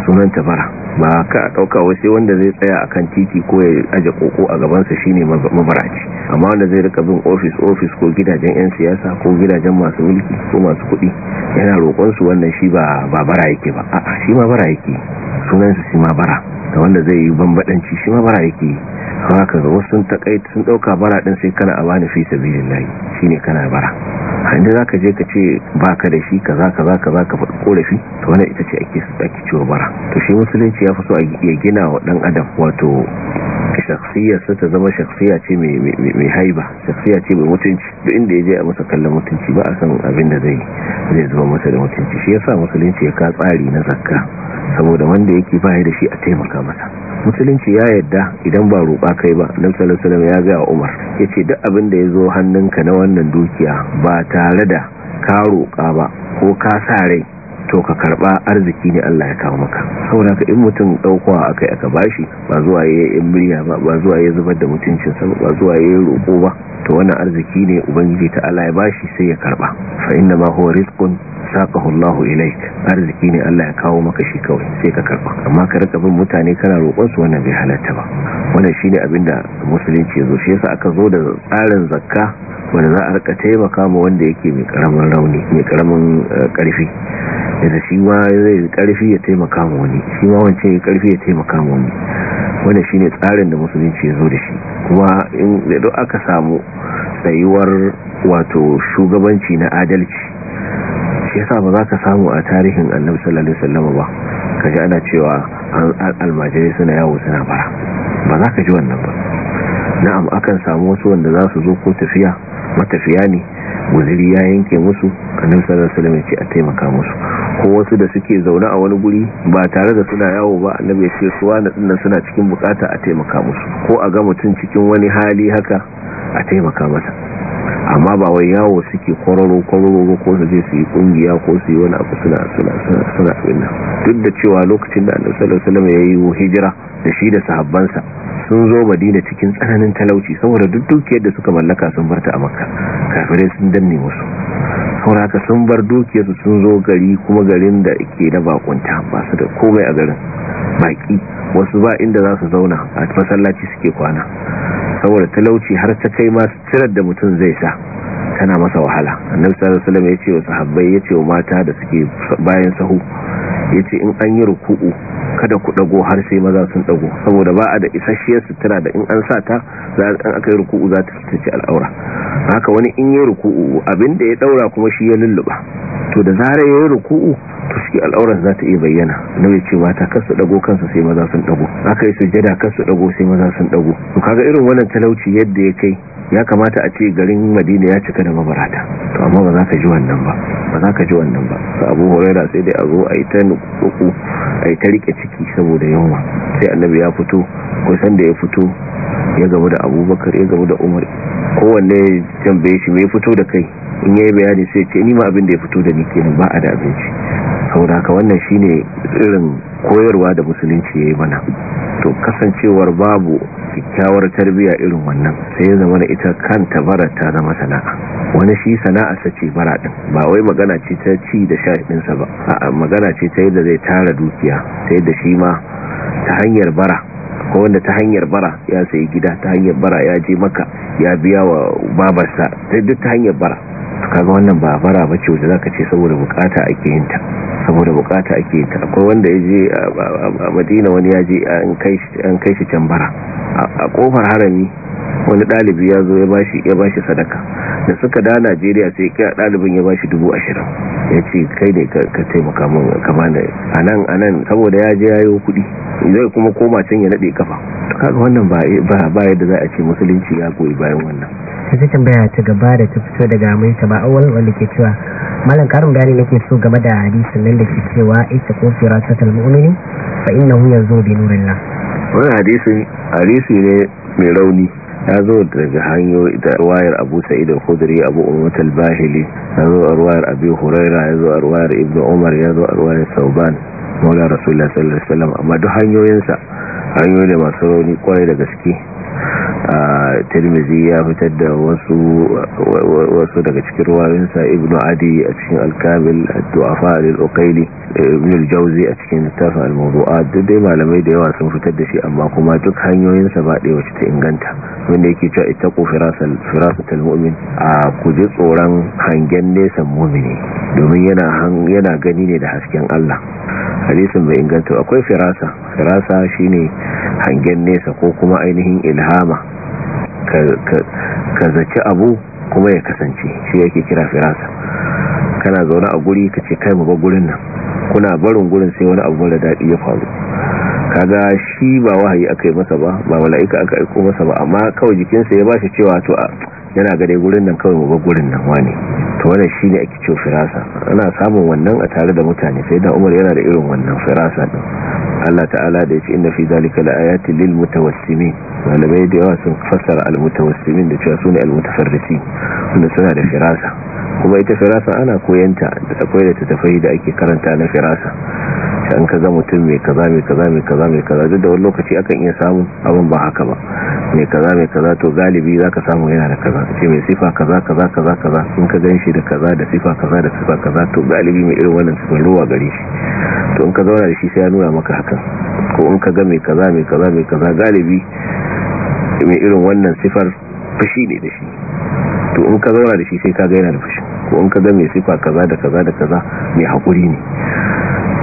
sunanta bara ba ka ɗauka wasu wanda zai tsaya a kan titi ko ya aje koko a gabansa shine mabaraci amma wanda zai rika bin ofis-ofis, ko gidajen yan siyasa ko gidajen masu mulki ko masu kuɗi yana roƙonsu su wannan shi ba bara yake ba a'a shi ma bara yake sunan su shi ma bara da wanda zai yi bambadanci shi ma bara yake haka ga wasu sun takaita sun dauka bara din sai kana abani fi sabilillah shine kana bara inda zaka je ka ce baka da shi kaza kaza kaza ka faɗi korafi to wannan ita ce ake ake cewa bara to shi musulunci ya fi so a gina wa dan adam wato sai ta zama shakhsiya ce mai haiba shakhsiya ce mai mutunci duk inda ya je a masa kallon mutunci ba a san abin da zai zai zama masa da mutunci shi yasa musulunci ya ka tsari na zakka saboda wanda yake bayar da shi a taimaka mata musulunci ya yadda idan ba roƙa kai ba nan salasalam ya gaya wa umar ya ce duk abin da ya zo hannunka na wannan dukiya ba tare da ka roƙa ba ko ka sa rai to ka karba arziki ne Allah ya kawo maka saboda ka in mutum daukowa akai aka bashi ba zuwa yayi imriya ba ba zuwa zubar da mutuncin sa ba zuwa yayi roko ba to wannan arziki ne ubangiji ta Allah ya bashi sai ya karba fa inna ma huwa rizqun saƙahu Allah ilaik arziki ne Allah ya kawo maka shi kawai sai ka karba amma ka rika bin mutane kana roƙon su wannan bai halatta ba wannan shine da musulunci yazo shi yasa aka zo da tsarin zakka wanda za a rika taimaka ma wanda yake mai karamin rauni mai karamin eh, ƙarfi yadda shi ma zai ƙarfi ya taimaka ma wani shi ma wancan ya ƙarfi ya taimaka ma wani wanda shine tsarin da musulunci ya zo da shi kuma in da aka samu tsayuwar wato shugabanci na adalci shi yasa ba za ka samu a tarihin annabi sallallahu alaihi wasallam ba kaji ana cewa almajiri suna yawo suna bara ba za ka ji wannan ba na'am akan samu wasu wanda za su zo ko tafiya matafiya ne guziri ya yanke musu annabi sallallahu alaihi wasallam ya ce a taimaka musu ko wasu da suke zaune a wani guri ba tare da suna yawo ba annabi ya ce su wani dinnan suna cikin bukata a taimaka musu ko a ga mutum cikin wani hali haka a taimaka masa amma ba wai yawo suke kwararo kwararo ko su je su yi kungiya ko su yi wani abu suna suna suna abin nan duk da cewa lokacin da annabi sallallahu alaihi wasallam ya yi hijira da shi da sahabbansa sun zo madina cikin tsananin talauci saboda duk dukiyar da suka mallaka sun barta a makka kafirai sun danne musu haka sun bar dukiyar su sun zo gari kuma garin da ke da bakunta ba su da komai a garin baki wasu ba inda za su zauna a masallaci suke kwana saboda talauci har ta kai masu cirar da mutum zai sa tana masa wahala annabi sallallahu alaihi wasallam ya ce wa sahabbai yace wa mata da suke bayan sahu yace in an yi ruku'u kada ku dago har sai maza sun dago saboda ba a da isasshiyar sutura da in an sa ta za an aka yi ruku'u za ta ci al'aura haka wani in yi ruku'u abinda ya daura kuma shi ya lulluba to da zarar ya yi ruku'u ta suke al'aurar za ta iya bayyana na ce mata ta kasu dago kansu sai maza sun dago aka yi sujjada kasu su dago sai maza sun dago to kaga irin wannan talauci yadda ya kai ya kamata a ce garin madina ya cika da mabarata to amma ba za ka ji wannan ba ba za ka ji wannan ba sa abu horaira sai dai a zo a yi ta nukuku a yi ta rike ciki saboda yunwa sai annabi ya fito ko sanda ya fito ya gabu da abubakar ya gabu da umar kowanne tambaye shi mai fito da kai in yi bayani sai ce ni ma abin ya fito da ni kenan ba a da abinci saboda haka wannan shine irin koyarwa da musulunci yayi mana to kasancewar babu kyakkyawar tarbiyya irin wannan sai ya zama ita kanta bara ta zama sana'a wani shi sana'a sace bara din ba wai magana ce ta ci da sha din ba a'a magana ce ta da zai tara dukiya sai da shi ma ta hanyar bara ko wanda ta hanyar bara ya sayi gida ta hanyar bara ya je maka ya biya wa babarsa ta duk ta hanyar bara kaga wannan ba bara bace wanda zaka ce saboda bukata ake yin ta saboda bukata ake yin ta akwai wanda yaje a Madina wani ya je kai an kai shi can bara a kofar harami wani dalibi ya zo ya bashi ya bashi sadaka da suka da Najeriya sai kira dalibin ya bashi ya yace kai ne ka taimaka mun kama ne anan anan saboda ya je yayo kudi zai kuma koma can ya nade kafa kaga wannan ba ba yadda za a ce musulunci ya goyi bayan wannan ce tambaya ta gaba da ta fito daga amurka ba awal wanda ke cewa malam karin gani nake so game da hadisin nan da ke cewa ita ko firatatul mu'mini fa hu yanzu bi nurillah wani hadisin hadisi ne mai rauni ya zo daga hanyo da ruwayar abu sa'id al-khudri abu ummat al-bahili ya zo a ruwayar abi huraira ya zo a ruwayar ibnu umar ya zo a ruwayar sauban maula rasulullah sallallahu alaihi wasallam amma duk hanyoyinsa hanyoyi da masu rauni kwarai da gaske tirmizi ya fitar da wasu daga cikin ruwayinsa ibnu adi a cikin alkamil du'afa al Okaili, ibn al a cikin tafa al duk dai malamai da yawa sun fitar da shi amma kuma duk hanyoyin sa ba ɗaya wacce ta inganta wanda yake cewa ita firasal firasatal mu'min a kuje tsoron hangen nesan mu'mini domin yana gani ne da hasken Allah hadisin bai inganta akwai firasa firasa shine hangen nesa ko kuma ainihin ila ilhama ka zaki abu kuma ya kasance shi yake kira firasa kana zaune a guri ka ce kai mu gurin nan kuna barin gurin sai wani abu da daɗi ya faru kaga shi ba wahayi aka yi masa ba ba mala'ika aka aiko masa ba amma kawai jikinsa ya ba shi cewa to a yana ga dai gurin nan kawai ba gurin nan wani to shi ne ake cewa firasa ana samun wannan a tare da mutane sai da Umar yana da irin wannan firasa din Allah ta'ala da yace inna fi zalika laayatin lil mutawassimin malamai da yawa sun fassara al mutawassimin da cewa sune al mutafarrisin wanda suna da firasa kuma ita firasa ana koyanta da akwai da tafai da ake karanta na firasa an kaza mutum mai kaza mai kaza mai kaza mai kaza duk da wani lokaci akan iya samun abin ba haka ba mai kaza mai kaza to galibi zaka samu yana da kaza ce mai sifa kaza kaza kaza kaza in ka ganshi da kaza da sifa kaza da sifa kaza to galibi mai irin wannan cikin ruwa gare shi to in ka zauna da shi sai ya nuna maka hakan ko in ka ga mai kaza mai kaza mai kaza galibi mai irin wannan sifar fashi ne da shi to in ka zauna da shi sai ka ga yana da fashi ko in ka ga mai sifa kaza da kaza da kaza mai haƙuri ne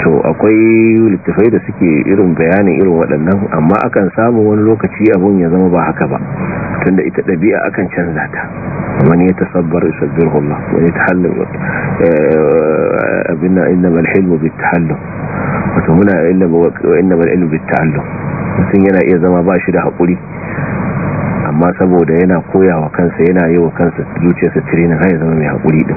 to akwai littafai da suke irin bayanin irin waɗannan amma akan samu wani lokaci abun ya zama ba haka ba tunda ita ɗabi'a akan canza ta wani ya tasabbar yusabbirullah wani ta eh, abin tahallum abinna innamal bi ta tahallum wato muna inda ba ilmi ta'allum mutum yana iya zama ba shi da haƙuri amma saboda yana koya wa kansa yana yi wa kansa zuciyarsa tirinin har ya zama mai haƙuri din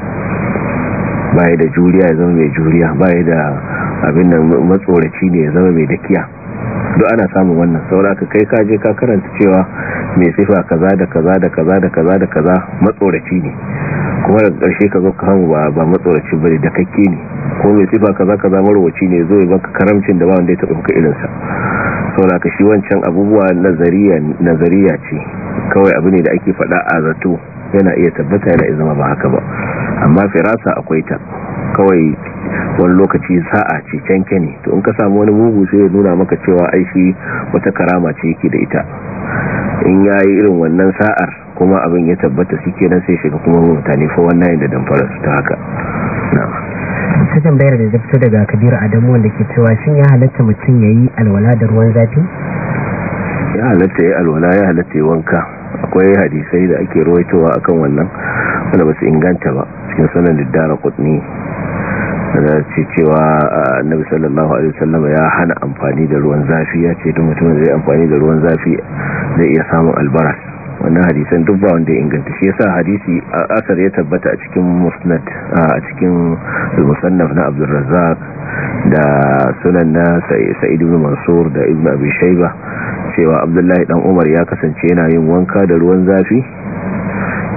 baya da juriya ya zama mai juriya baya da abin da matsoraci ne ya zama mai dakiya duk ana samun wannan ka kai ka je ka karanta cewa mai sifa kaza da kaza da kaza da kaza da kaza matsoraci ne kuma daga ƙarshe ka zo ka hamu ba ba matsoraci bane da kakke ne ko mai sifa kaza kaza marwaci ne zo ya baka karamcin da ba wanda ya taɓa maka irinsa saboda ka shi wancan abubuwa nazariya ce kawai abu ne da ake faɗa a zato yana iya tabbata yana iya zama ba haka ba amma firasa akwai ta kawai wani lokaci sa'a ce canke ne to in ka samu wani mugu sai ya nuna maka cewa aishi wata karama ce yake da ita in ya yi irin wannan sa'ar kuma abin ya tabbata shi kenan sai shiga kuma mutane fa wannan yadda damfara su ta haka ta tambayar da zafto daga kabiru adamu wanda ke cewa shin ya halatta mutum ya yi alwala da ruwan zafi ya halatta ya alwala ya halatta ya wanka akwai hadisai da ake rawaitowa akan wannan wanda ba su inganta ba cikin sanar da dara kudni da ce cewa annabi sallallahu alaihi wasallam ya hana amfani da ruwan zafi ya ce duk mutum zai amfani da ruwan zafi zai iya samun albaras wannan hadisan duk ba wanda ya inganta shi yasa hadisi asar ya tabbata a cikin musnad a cikin musannaf na Abdul da sunan na Sa'id ibn Mansur da Ibn Abi Shayba cewa Abdullahi dan Umar ya kasance yana yin wanka da ruwan zafi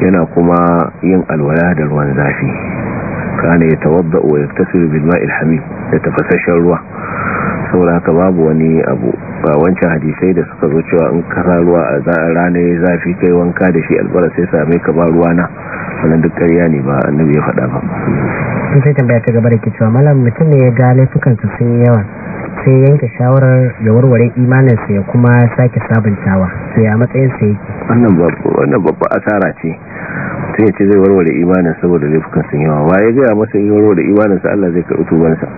yana kuma yin alwala da ruwan zafi kana yatawadda wa yaktasil bil ma'il hamim da tafasasshen ruwa saboda haka babu wani abu ba wancan hadisai da suka zo cewa in kara ruwa a rana ya zafi kai wanka da shi albara sai same ka ba ruwa na wannan duk ƙarya ne ba annabi ya faɗa ba sun sai tambaya ta gaba da ke cewa malam mutum ne ya ga su sun yi yawa sai yanke shawarar ya warware imaninsa ya kuma sake sabuntawa sai a matsayinsa yake wannan babba asara ce sai ya ce zai warware imanin saboda laifukan sun yawa ba ya gaya masa yi warware imaninsa allah zai karɓi tubansa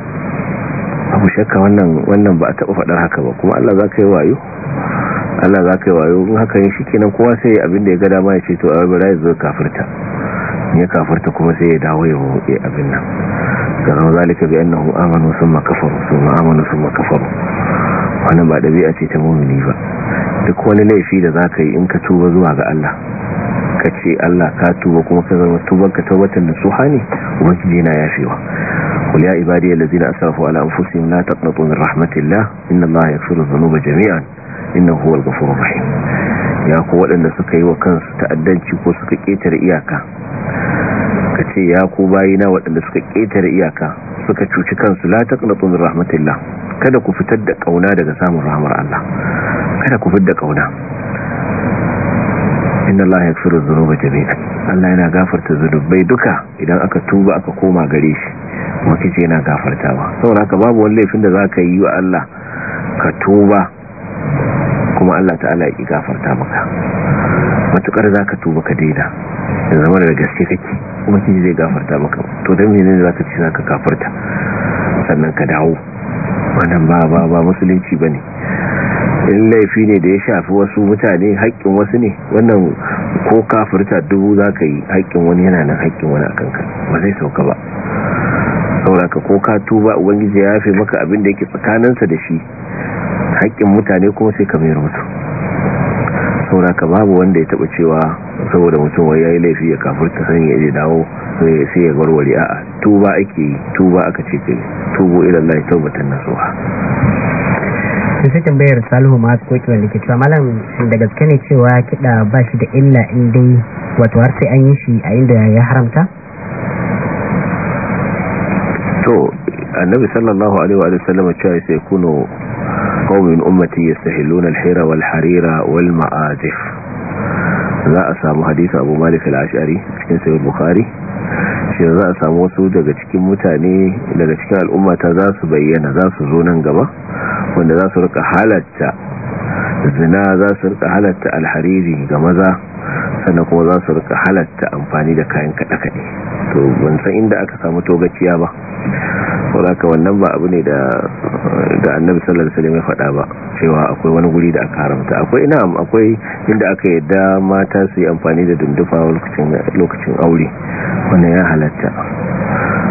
abu shakka wannan wannan ba a taɓa faɗar haka ba kuma Allah za ka yi wayo Allah za ka yi wayo in haka yin shi kenan kowa sai abin da ya gada ma ya ce to a wai ya zo kafirta ya kafirta kuma sai ya dawo ya wuce abin nan sannan zalika bi annahu amanu summa kafaru summa amanu summa kafaru wannan ba dabi'a ce ta mu'mini ba duk wani laifi da zaka yi in ka tuba zuwa ga Allah ka ce Allah ka tuba kuma ka zama tuban ka tabbatar nasuha ne ubangiji yana yafewa qul ya ibadiy allazina asrafu ala anfusihim la taqnatu min rahmatillah inna allaha yaghfiru dhunuba jami'an innahu huwal ghafurur rahim ya ku waɗanda suka yi wa kansu ta'addanci ko suka ketare iyaka ka ce ya ku bayina waɗanda suka ketare iyaka suka cuci kansu la taqnatu min rahmatillah kada ku fitar da kauna daga samun rahmar Allah kada ku fitar da kauna inna Allah ya firu zunuba jami'an Allah yana gafarta zunubai duka idan aka tuba aka koma gare shi kuma kace yana ba saboda haka babu wani laifin da za ka yi wa Allah ka tuba kuma Allah ta'ala ya gafarta maka matukar ka tuba ka daida da zama da gaske kake kuma kiji zai gafarta maka to dan menene zaka ce zaka gafarta sannan ka dawo wannan ba ba ba musulunci ba ne in laifi ne da ya shafi wasu mutane haƙƙin wasu ne wannan ko kafirta dubu za ka yi haƙƙin wani yana nan haƙƙin wani a kanka ba zai sauka ba sauraka ko ka tuba ubangiji ya yafe maka abin da yake tsakaninsa da shi haƙƙin mutane kuma sai ka mayar musu sauraka babu wanda ya taba cewa saboda mutum wai ya yi laifi ya kafurta sani ya je dawo sai ya warware a'a tuba ake yi tuba aka ce ke tubo lai taubatan nasuwa. sun sai tambayar salihu masu koki wanda ke cewa malam da gaske ne cewa kiɗa ba shi da illa in dai wato har sai an yi shi a inda ya haramta? to annabi sallallahu alaihi wa sallam sai kuno qaumin ummati yastahiluna al-hira wal harira wal ma'azif za a samu hadisi Abu Malik al-Ash'ari cikin sahih Bukhari shi za a samu wasu daga cikin mutane daga cikin al'umma ta za su bayyana za su zo nan gaba wanda za su rika halatta zina za su rika halatta alhariri ga maza sannan kuma za su rika halatta amfani da kayan kaɗe-kaɗe to ban san inda aka samu togaciya ba saboda wannan ba abu ne da da annabi sallallahu alaihi wasallam ya faɗa ba cewa akwai wani guri da aka haramta akwai ina akwai inda aka yadda mata su yi amfani da dundufa lokacin lokacin aure wannan ya halatta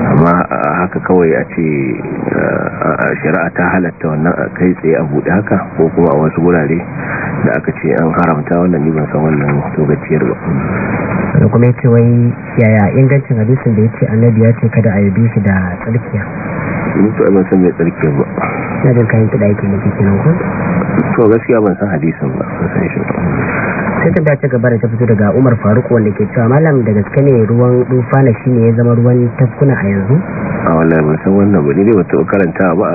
amma haka kawai a ce shari'a ta halatta wannan kai tsaye a buɗe haka ko kuma a wasu wurare da aka ce an haramta wannan ni ban san wannan togaciyar ba da kuma yake wai yaya ingancin hadisin da yace annabi ya ce kada a yabe shi da tsarkiya mutu a ban mai tsarkiya ba na jin kayan tsada yake ke kinan ko to gaskiya ban san hadisin ba sai ta dace gaba da ta fito daga umar faruk wanda ke cewa malam da gaske ne ruwan dufa na shine ya zama ruwan tafkuna a yanzu a wallahi ban wannan ba ne dai wata karanta ba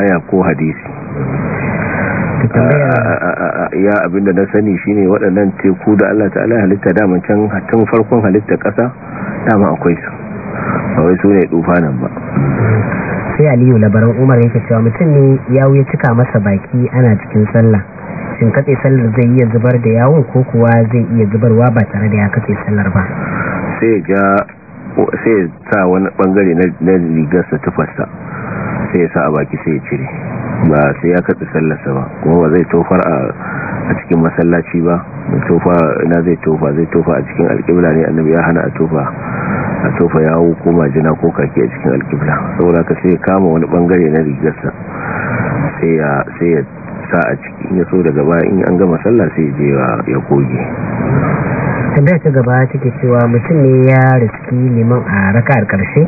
aya ko hadisi ya abinda na sani shine waɗannan teku da Allah ta'ala halitta daman can tun farkon halitta ƙasa dama akwai su ba wai su ne dufanan ba mm. sai aliyu labaran umar yake cewa mutum ne yawo ya cika masa baki ana cikin sallah shin katse sallar zai iya zubar da yawon ko kuwa zai iya zubarwa ba tare da ya katse sallar ba sai ga sai sa wani bangare na sa tufarsa sai ya sa a baki sai ya cire ba sai ya katse sallarsa ba kuma ba zai tofar a cikin masallaci ba tofa na zai tofa zai tofa a cikin alƙibla ne annabi ya hana a tofa a tofa yawo ko majina ko kaki a cikin alkibla saboda ka sai kama wani bangare na rigarsa sai ya sa a cikin ya so daga baya in an gama sallah sai je ya goge tambayar ta gaba take cewa mutum ne ya riski liman a a karshe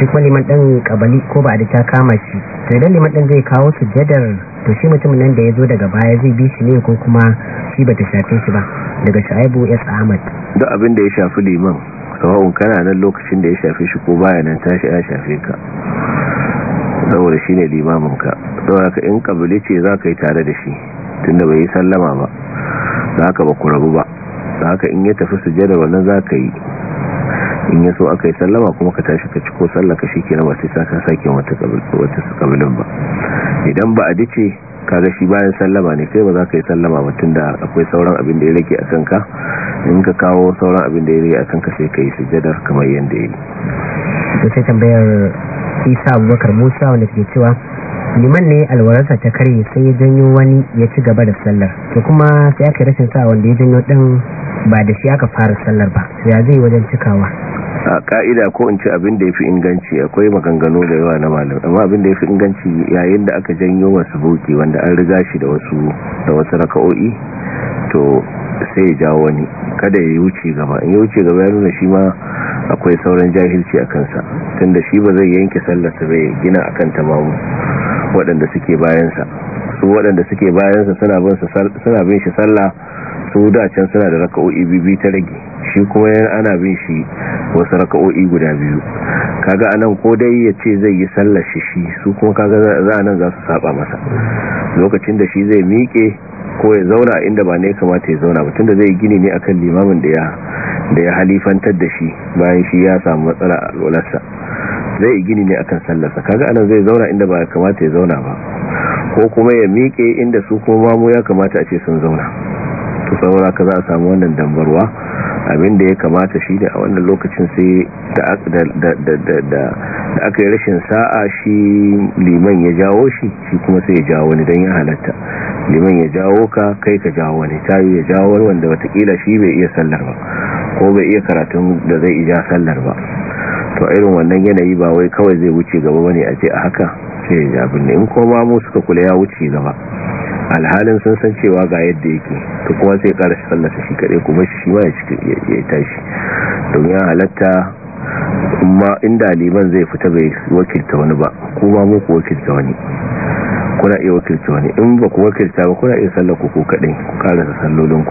shi kuma liman dan kabali ko ba da ta kama shi to idan liman dan zai kawo sujjadar to shi mutum nan da ya zo daga baya zai bi shi ne ko kuma shi ba ta shafe shi ba daga shaibu ya tsamat duk abin da ya shafi liman sawa'un kana nan lokacin da ya shafe shi ko baya nan tashi ya shafe ka saboda shi ne limamin ka saboda ka in kabili ce za ka yi tare da shi tun da bai yi sallama ba za ka ba kurabu ba za ka in ya tafi jada wannan za ka yi in ya so aka yi sallama kuma ka tashi ka ci ko sallaka shi ke na ba sai sa ka sake wata kabilin ba idan ba a dace kaga shi bayan sallama ne kai ba za ka yi sallama ba da akwai sauran abin da ya rage a kanka in ka kawo sauran abin da ya rage a kanka sai ka yi sujjadar kamar yadda ya yi sai tambayar isa abubakar musa wanda ke cewa liman ne alwararsa ta karye sai ya janyo wani ya ci gaba da sallar to kuma sai aka rashin sa wanda ya janyo din ba da shi aka fara sallar ba to ya zai wajen cikawa a ka'ida ko in ce abin da ya fi inganci akwai maganganu da yawa na malam amma abin da ya fi inganci yayin da aka janyo wasu boki wanda an riga shi da wasu da wasu raka'o'i to sai ya jawo wani kada ya yi wuce gaba in ya wuce gaba ya nuna shi ma akwai sauran jahilci a kansa tunda shi ba zai yanke ta bai gina akan tamamu waɗanda suke bayansa su waɗanda suke bayansa suna bin shi sallah su da can suna da raka'o'i bibi ta rage shi kuma ana bin shi wasu raka'o'i guda biyu kaga anan ko dai ya ce zai yi sallar shi shi su kuma kaga za a nan za su saba masa lokacin da shi zai miƙe ko ya zauna inda ba ne ya kamata ya zauna mutum da zai gini ne a kan limamin da ya da halifantar da shi bayan shi ya samu matsala a lolarsa zai gini ne akan sallarsa kaga anan zai zauna inda ba ya kamata ya zauna ba ko kuma ya miƙe inda su kuma mamu ya kamata a ce sun zauna su saura ka za a samu wannan dambarwa abinda ya kamata shi ne a wannan lokacin sai da aka yi rashin sa'a shi liman ya jawo shi shi kuma sai ya jawo wani don ya halatta liman ya jawo ka kai ka jawo wani ta yi ya jawo wani wanda watakila shi bai iya sallar ba ko bai iya karatun da zai iya sallar ba to irin wannan yanayi ba wai kawai zai wuce gaba wani a ce a haka sai ya abin da in koma mu suka kula ya wuce gaba alhalin sun san cewa ga yadda yake to kuma sai shi sallata shi kaɗai kuma shi ma ya tashi domin halatta amma inda liman zai fita bai wakilta wani ba ko ba mu ku wakilta wani kuna iya wakilta wani in ba ku wakilta ba kuna iya sallar ku ku kaɗai ku karasa ku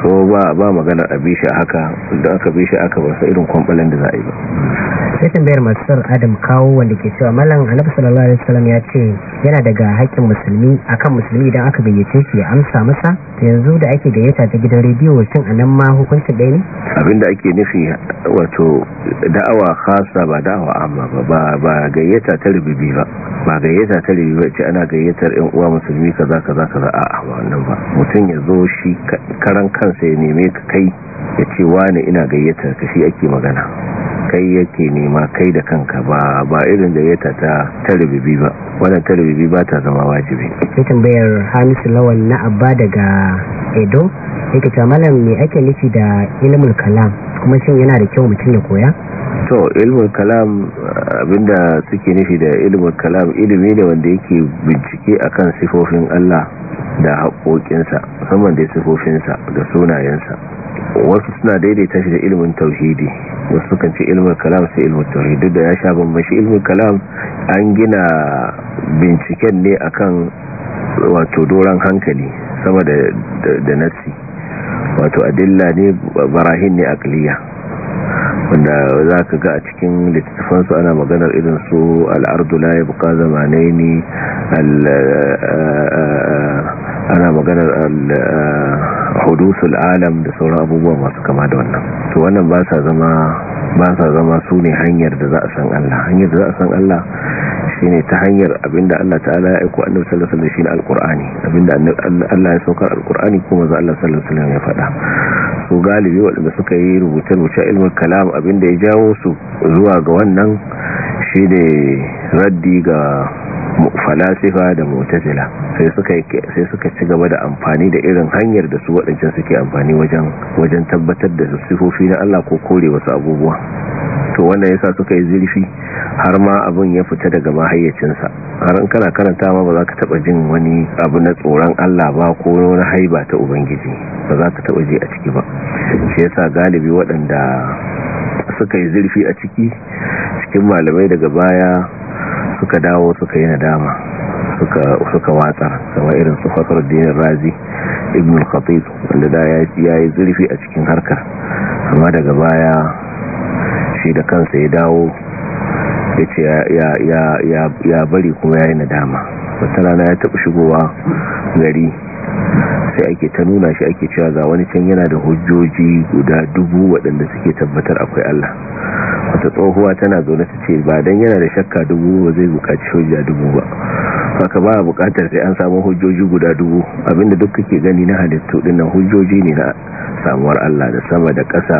so ba ba magana a bishi haka da aka bishi aka ba sa irin kwambalan da za a yi ba akwai tambayar masar adam kawo wanda ke cewa malam annabi sallallahu alaihi wasallam ya ce yana daga haƙƙin musulmi akan musulmi idan aka gayyace shi ya amsa masa yanzu da ake gayyata ta gidan rediyo wacin anan ma hukunci ɗaya ne abinda ake nufi wato da'awa khasa ba da'awa amma ba ba gayyata ta rububi ba ba gayyata ta rububi ce ana gayyatar yan uwa musulmi kaza kaza kaza a wannan ba mutum ya zo shi karan kansa ya neme ka kai ya ce wani ina gayyatar ka shi ake magana kai yake nema kai da kanka ba ba irin da ya tata talibibi ba wannan talibibi ba ta zama wajibi sai tambayar hamisu lawan na abba daga edo yake ta malam ne ake nufi da ilimin kalam kuma shin yana da kyau mutum ya koya to ilimin kalam abinda suke nufi da ilimin kalam ilimi ne wanda yake bincike a kan sifofin Allah da haƙoƙinsa musamman da sifofinsa da sunayensa wasu suna daidaita shi da ilimin tauhidi wasu suka ce ilimin kalam sai ilimin tauhidi da ya sha shi ilimin kalam an gina binciken ne akan wato doron hankali sama da da nasi wato adilla ne barahin ne akliya wanda za ka ga a cikin littattafansu ana maganar irin su al'ardu la ya buka zamanai ne ana maganar ah, hudusul alam da sauran abubuwa masu kama da wannan to wannan ba sa zama ba sa zama su ne hanyar da za a san Allah hanyar da za a san Allah shi ne ta hanyar abinda Allah ta'ala ya aiko annabi sallallahu alaihi wasallam shine alqur'ani abinda Allah ya saukar alqur'ani kuma za Allah sallallahu alaihi wasallam ya faɗa su galibi waɗanda suka yi rubuce rubuce ilmin kalam abinda ya jawo su zuwa ga wannan shi ne raddi ga falasifa da mu'tazila sai suka sai suka ci gaba da amfani da irin hanyar da su waɗancan suke amfani wajen wajen tabbatar da sifofi na Allah ko kore wasu abubuwa to wannan yasa suka yi zurfi har ma abun ya fita daga mahayyacinsa har in kana karanta ma ba za ka taba jin wani abu na tsoron Allah ba ko wani haiba ta ubangiji ba za ka taba ji a ciki ba shi yasa galibi waɗanda suka yi zurfi a ciki cikin malamai daga baya suka dawo suka yi nadama suka watsa kama irin su fasar dinin razi ibn al-khatib wanda ya yi zurfi a cikin harkar amma daga baya shi da kansa ya dawo ya ce ya bari kuma ya yi nadama wata rana ya taɓa shigowa gari sai ake ta nuna shi ake cewa ga wani can yana da hujjoji guda dubu waɗanda suke tabbatar akwai Allah wata tsohuwa tana zaune ta ce ba dan yana da shakka dubu ba zai bukaci hujja dubu ba haka ba a bukatar sai an samu hujjoji guda dubu abinda duk kake gani na halittu dinnan hujjoji ne na samuwar Allah da sama da kasa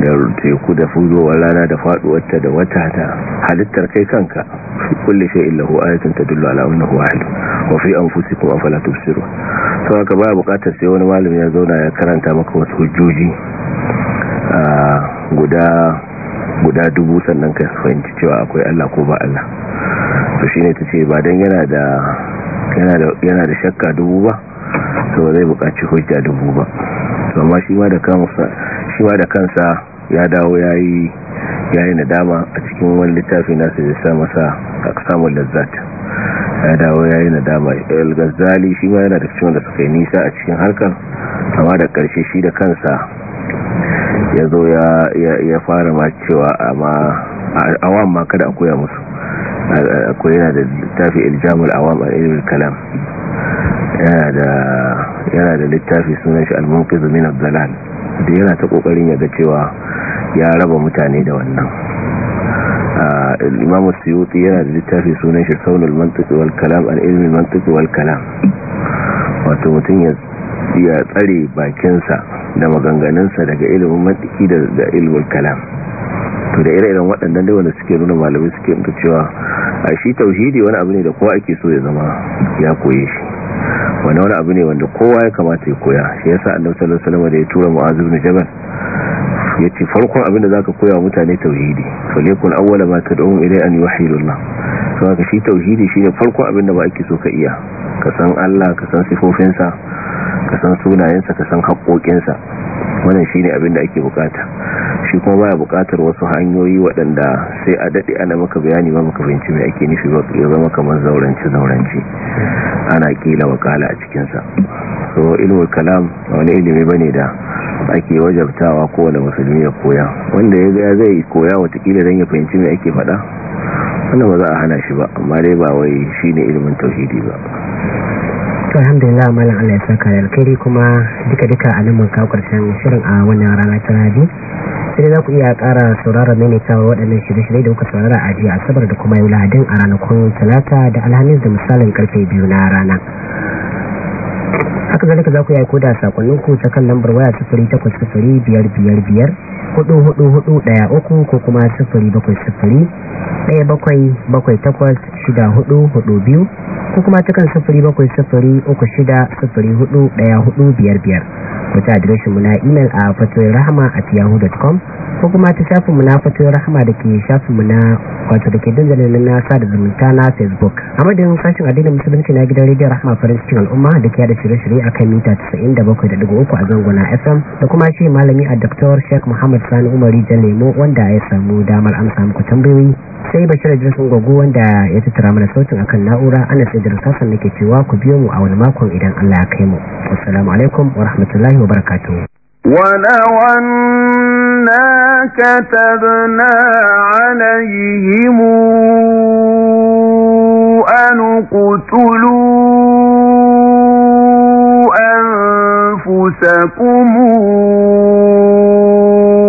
da teku da fuzowar rana da faduwarta da wata ta halittar kai kanka kulle shi illa lahu ayatun tadullu ala annahu wahid wa fi anfusikum afala tubsirun to haka ba bukatar sai wani malami ya zauna ya karanta maka wasu hujjoji ah, guda guda dubu sannan ka fahimci cewa akwai Allah ko ba Allah to shine tace ba dan yana da yana da shakka dubu ba to zai buƙaci hujja dubu ba to amma shi ma da kansa shi ma da kansa ya dawo yayi yayi nadama a cikin wani littafi nasa da sa masa aqsamul lazzat ya dawo yayi nadama al-ghazali shi ma yana da cikin da suka yi nisa a cikin harkar amma da karshe shi da kansa ya zo ya fara ma cewa amma awam ma kada a koya musu akwai yana da littafi iljamul awam a ilmin kalam yana da littafi sunan shi al-munqiz min da yana ta kokarin ya ga cewa ya raba mutane da wannan imam suyuti yana da littafi sunan shi saunul mantiqi wal kalam al-ilmi mantiqi wal kalam wato mutum ya tsare bakinsa da maganganunsa daga ilimin matiki da ilimin kalam to da ire-iren waɗannan da wanda suke nuna malamai suke mutu cewa a shi tauhidi wani abu ne da kowa ake so ya zama ya koye shi wani wani abu ne wanda kowa ya kamata ya koya shi ya sa annabta salama salama da ya tura na ibn jabal yace farkon abin da za ka koya wa mutane tauhidi falekun awwala ma da'un ilay an yi wahilullah so ka shi tauhidi shi ne farko abin da ba ake so ka iya ka san Allah ka san sifofinsa ka san sunayensa ka san haƙoƙinsa wannan shi ne abin da ake bukata shi kuma baya bukatar wasu hanyoyi waɗanda sai a daɗe ana maka bayani ba maka fahimci mai ake nufi ba ya zama kamar zaurance zauranci ana kila wakala a cikinsa so ilmul kalam wani ilimi ba ne da ake wajabtawa kowane musulmi ya koya wanda ya ga zai koya watakila don ya fahimci mai ake faɗa wanda ba za a hana shi ba amma dai ba wai shi ne ilimin tauhidi ba alhamdulillah malam Allah ya saka alkhairi kuma duka-duka a nan muka karshen shirin a wannan rana ta rabi sai za ku iya kara saurara maimaitawa waɗannan shirye-shirye da kuka saurara a jiya asabar da kuma yau lahadin a ranakun talata da alhamis da misalin karfe biyu na rana haka zalika za ku yi koda sakonninku ta kan lambar waya sufuri takwas sufuri biyar biyar biyar ko kuma 0707778442 ko kuma biyar biyar ko ta adireshin mu na imel a fatoyin rahama at yahoo.com ko kuma ta shafin mu na fatoyin rahama da ke shafin mu na wato da ke dandalin na da zumunta na facebook a madadin sashen adinin musulunci na gidan rediyon rahama farin cikin al'umma da ke da shirye-shirye a kan mita 97.3 a zangona fm da kuma shi malami a dr sheik muhammad Sani Umari da Lemo wanda ya samu damar amsa muku tambayoyi sai Bashir jirgin Gogo wanda ya tattara mana sautin akan na'ura ana sai sassan kasan ke cewa ku biyo mu a wani makon idan Allah ya kai mu. Assalamu alaikum wa rahmatullahi wa barakatuh. wa أنا an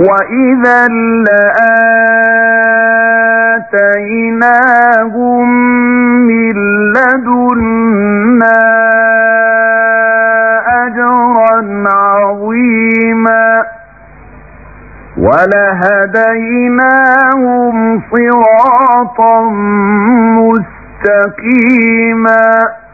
وإذا لآتيناهم من لدنا أجرا عظيما ولهديناهم صراطا مستقيما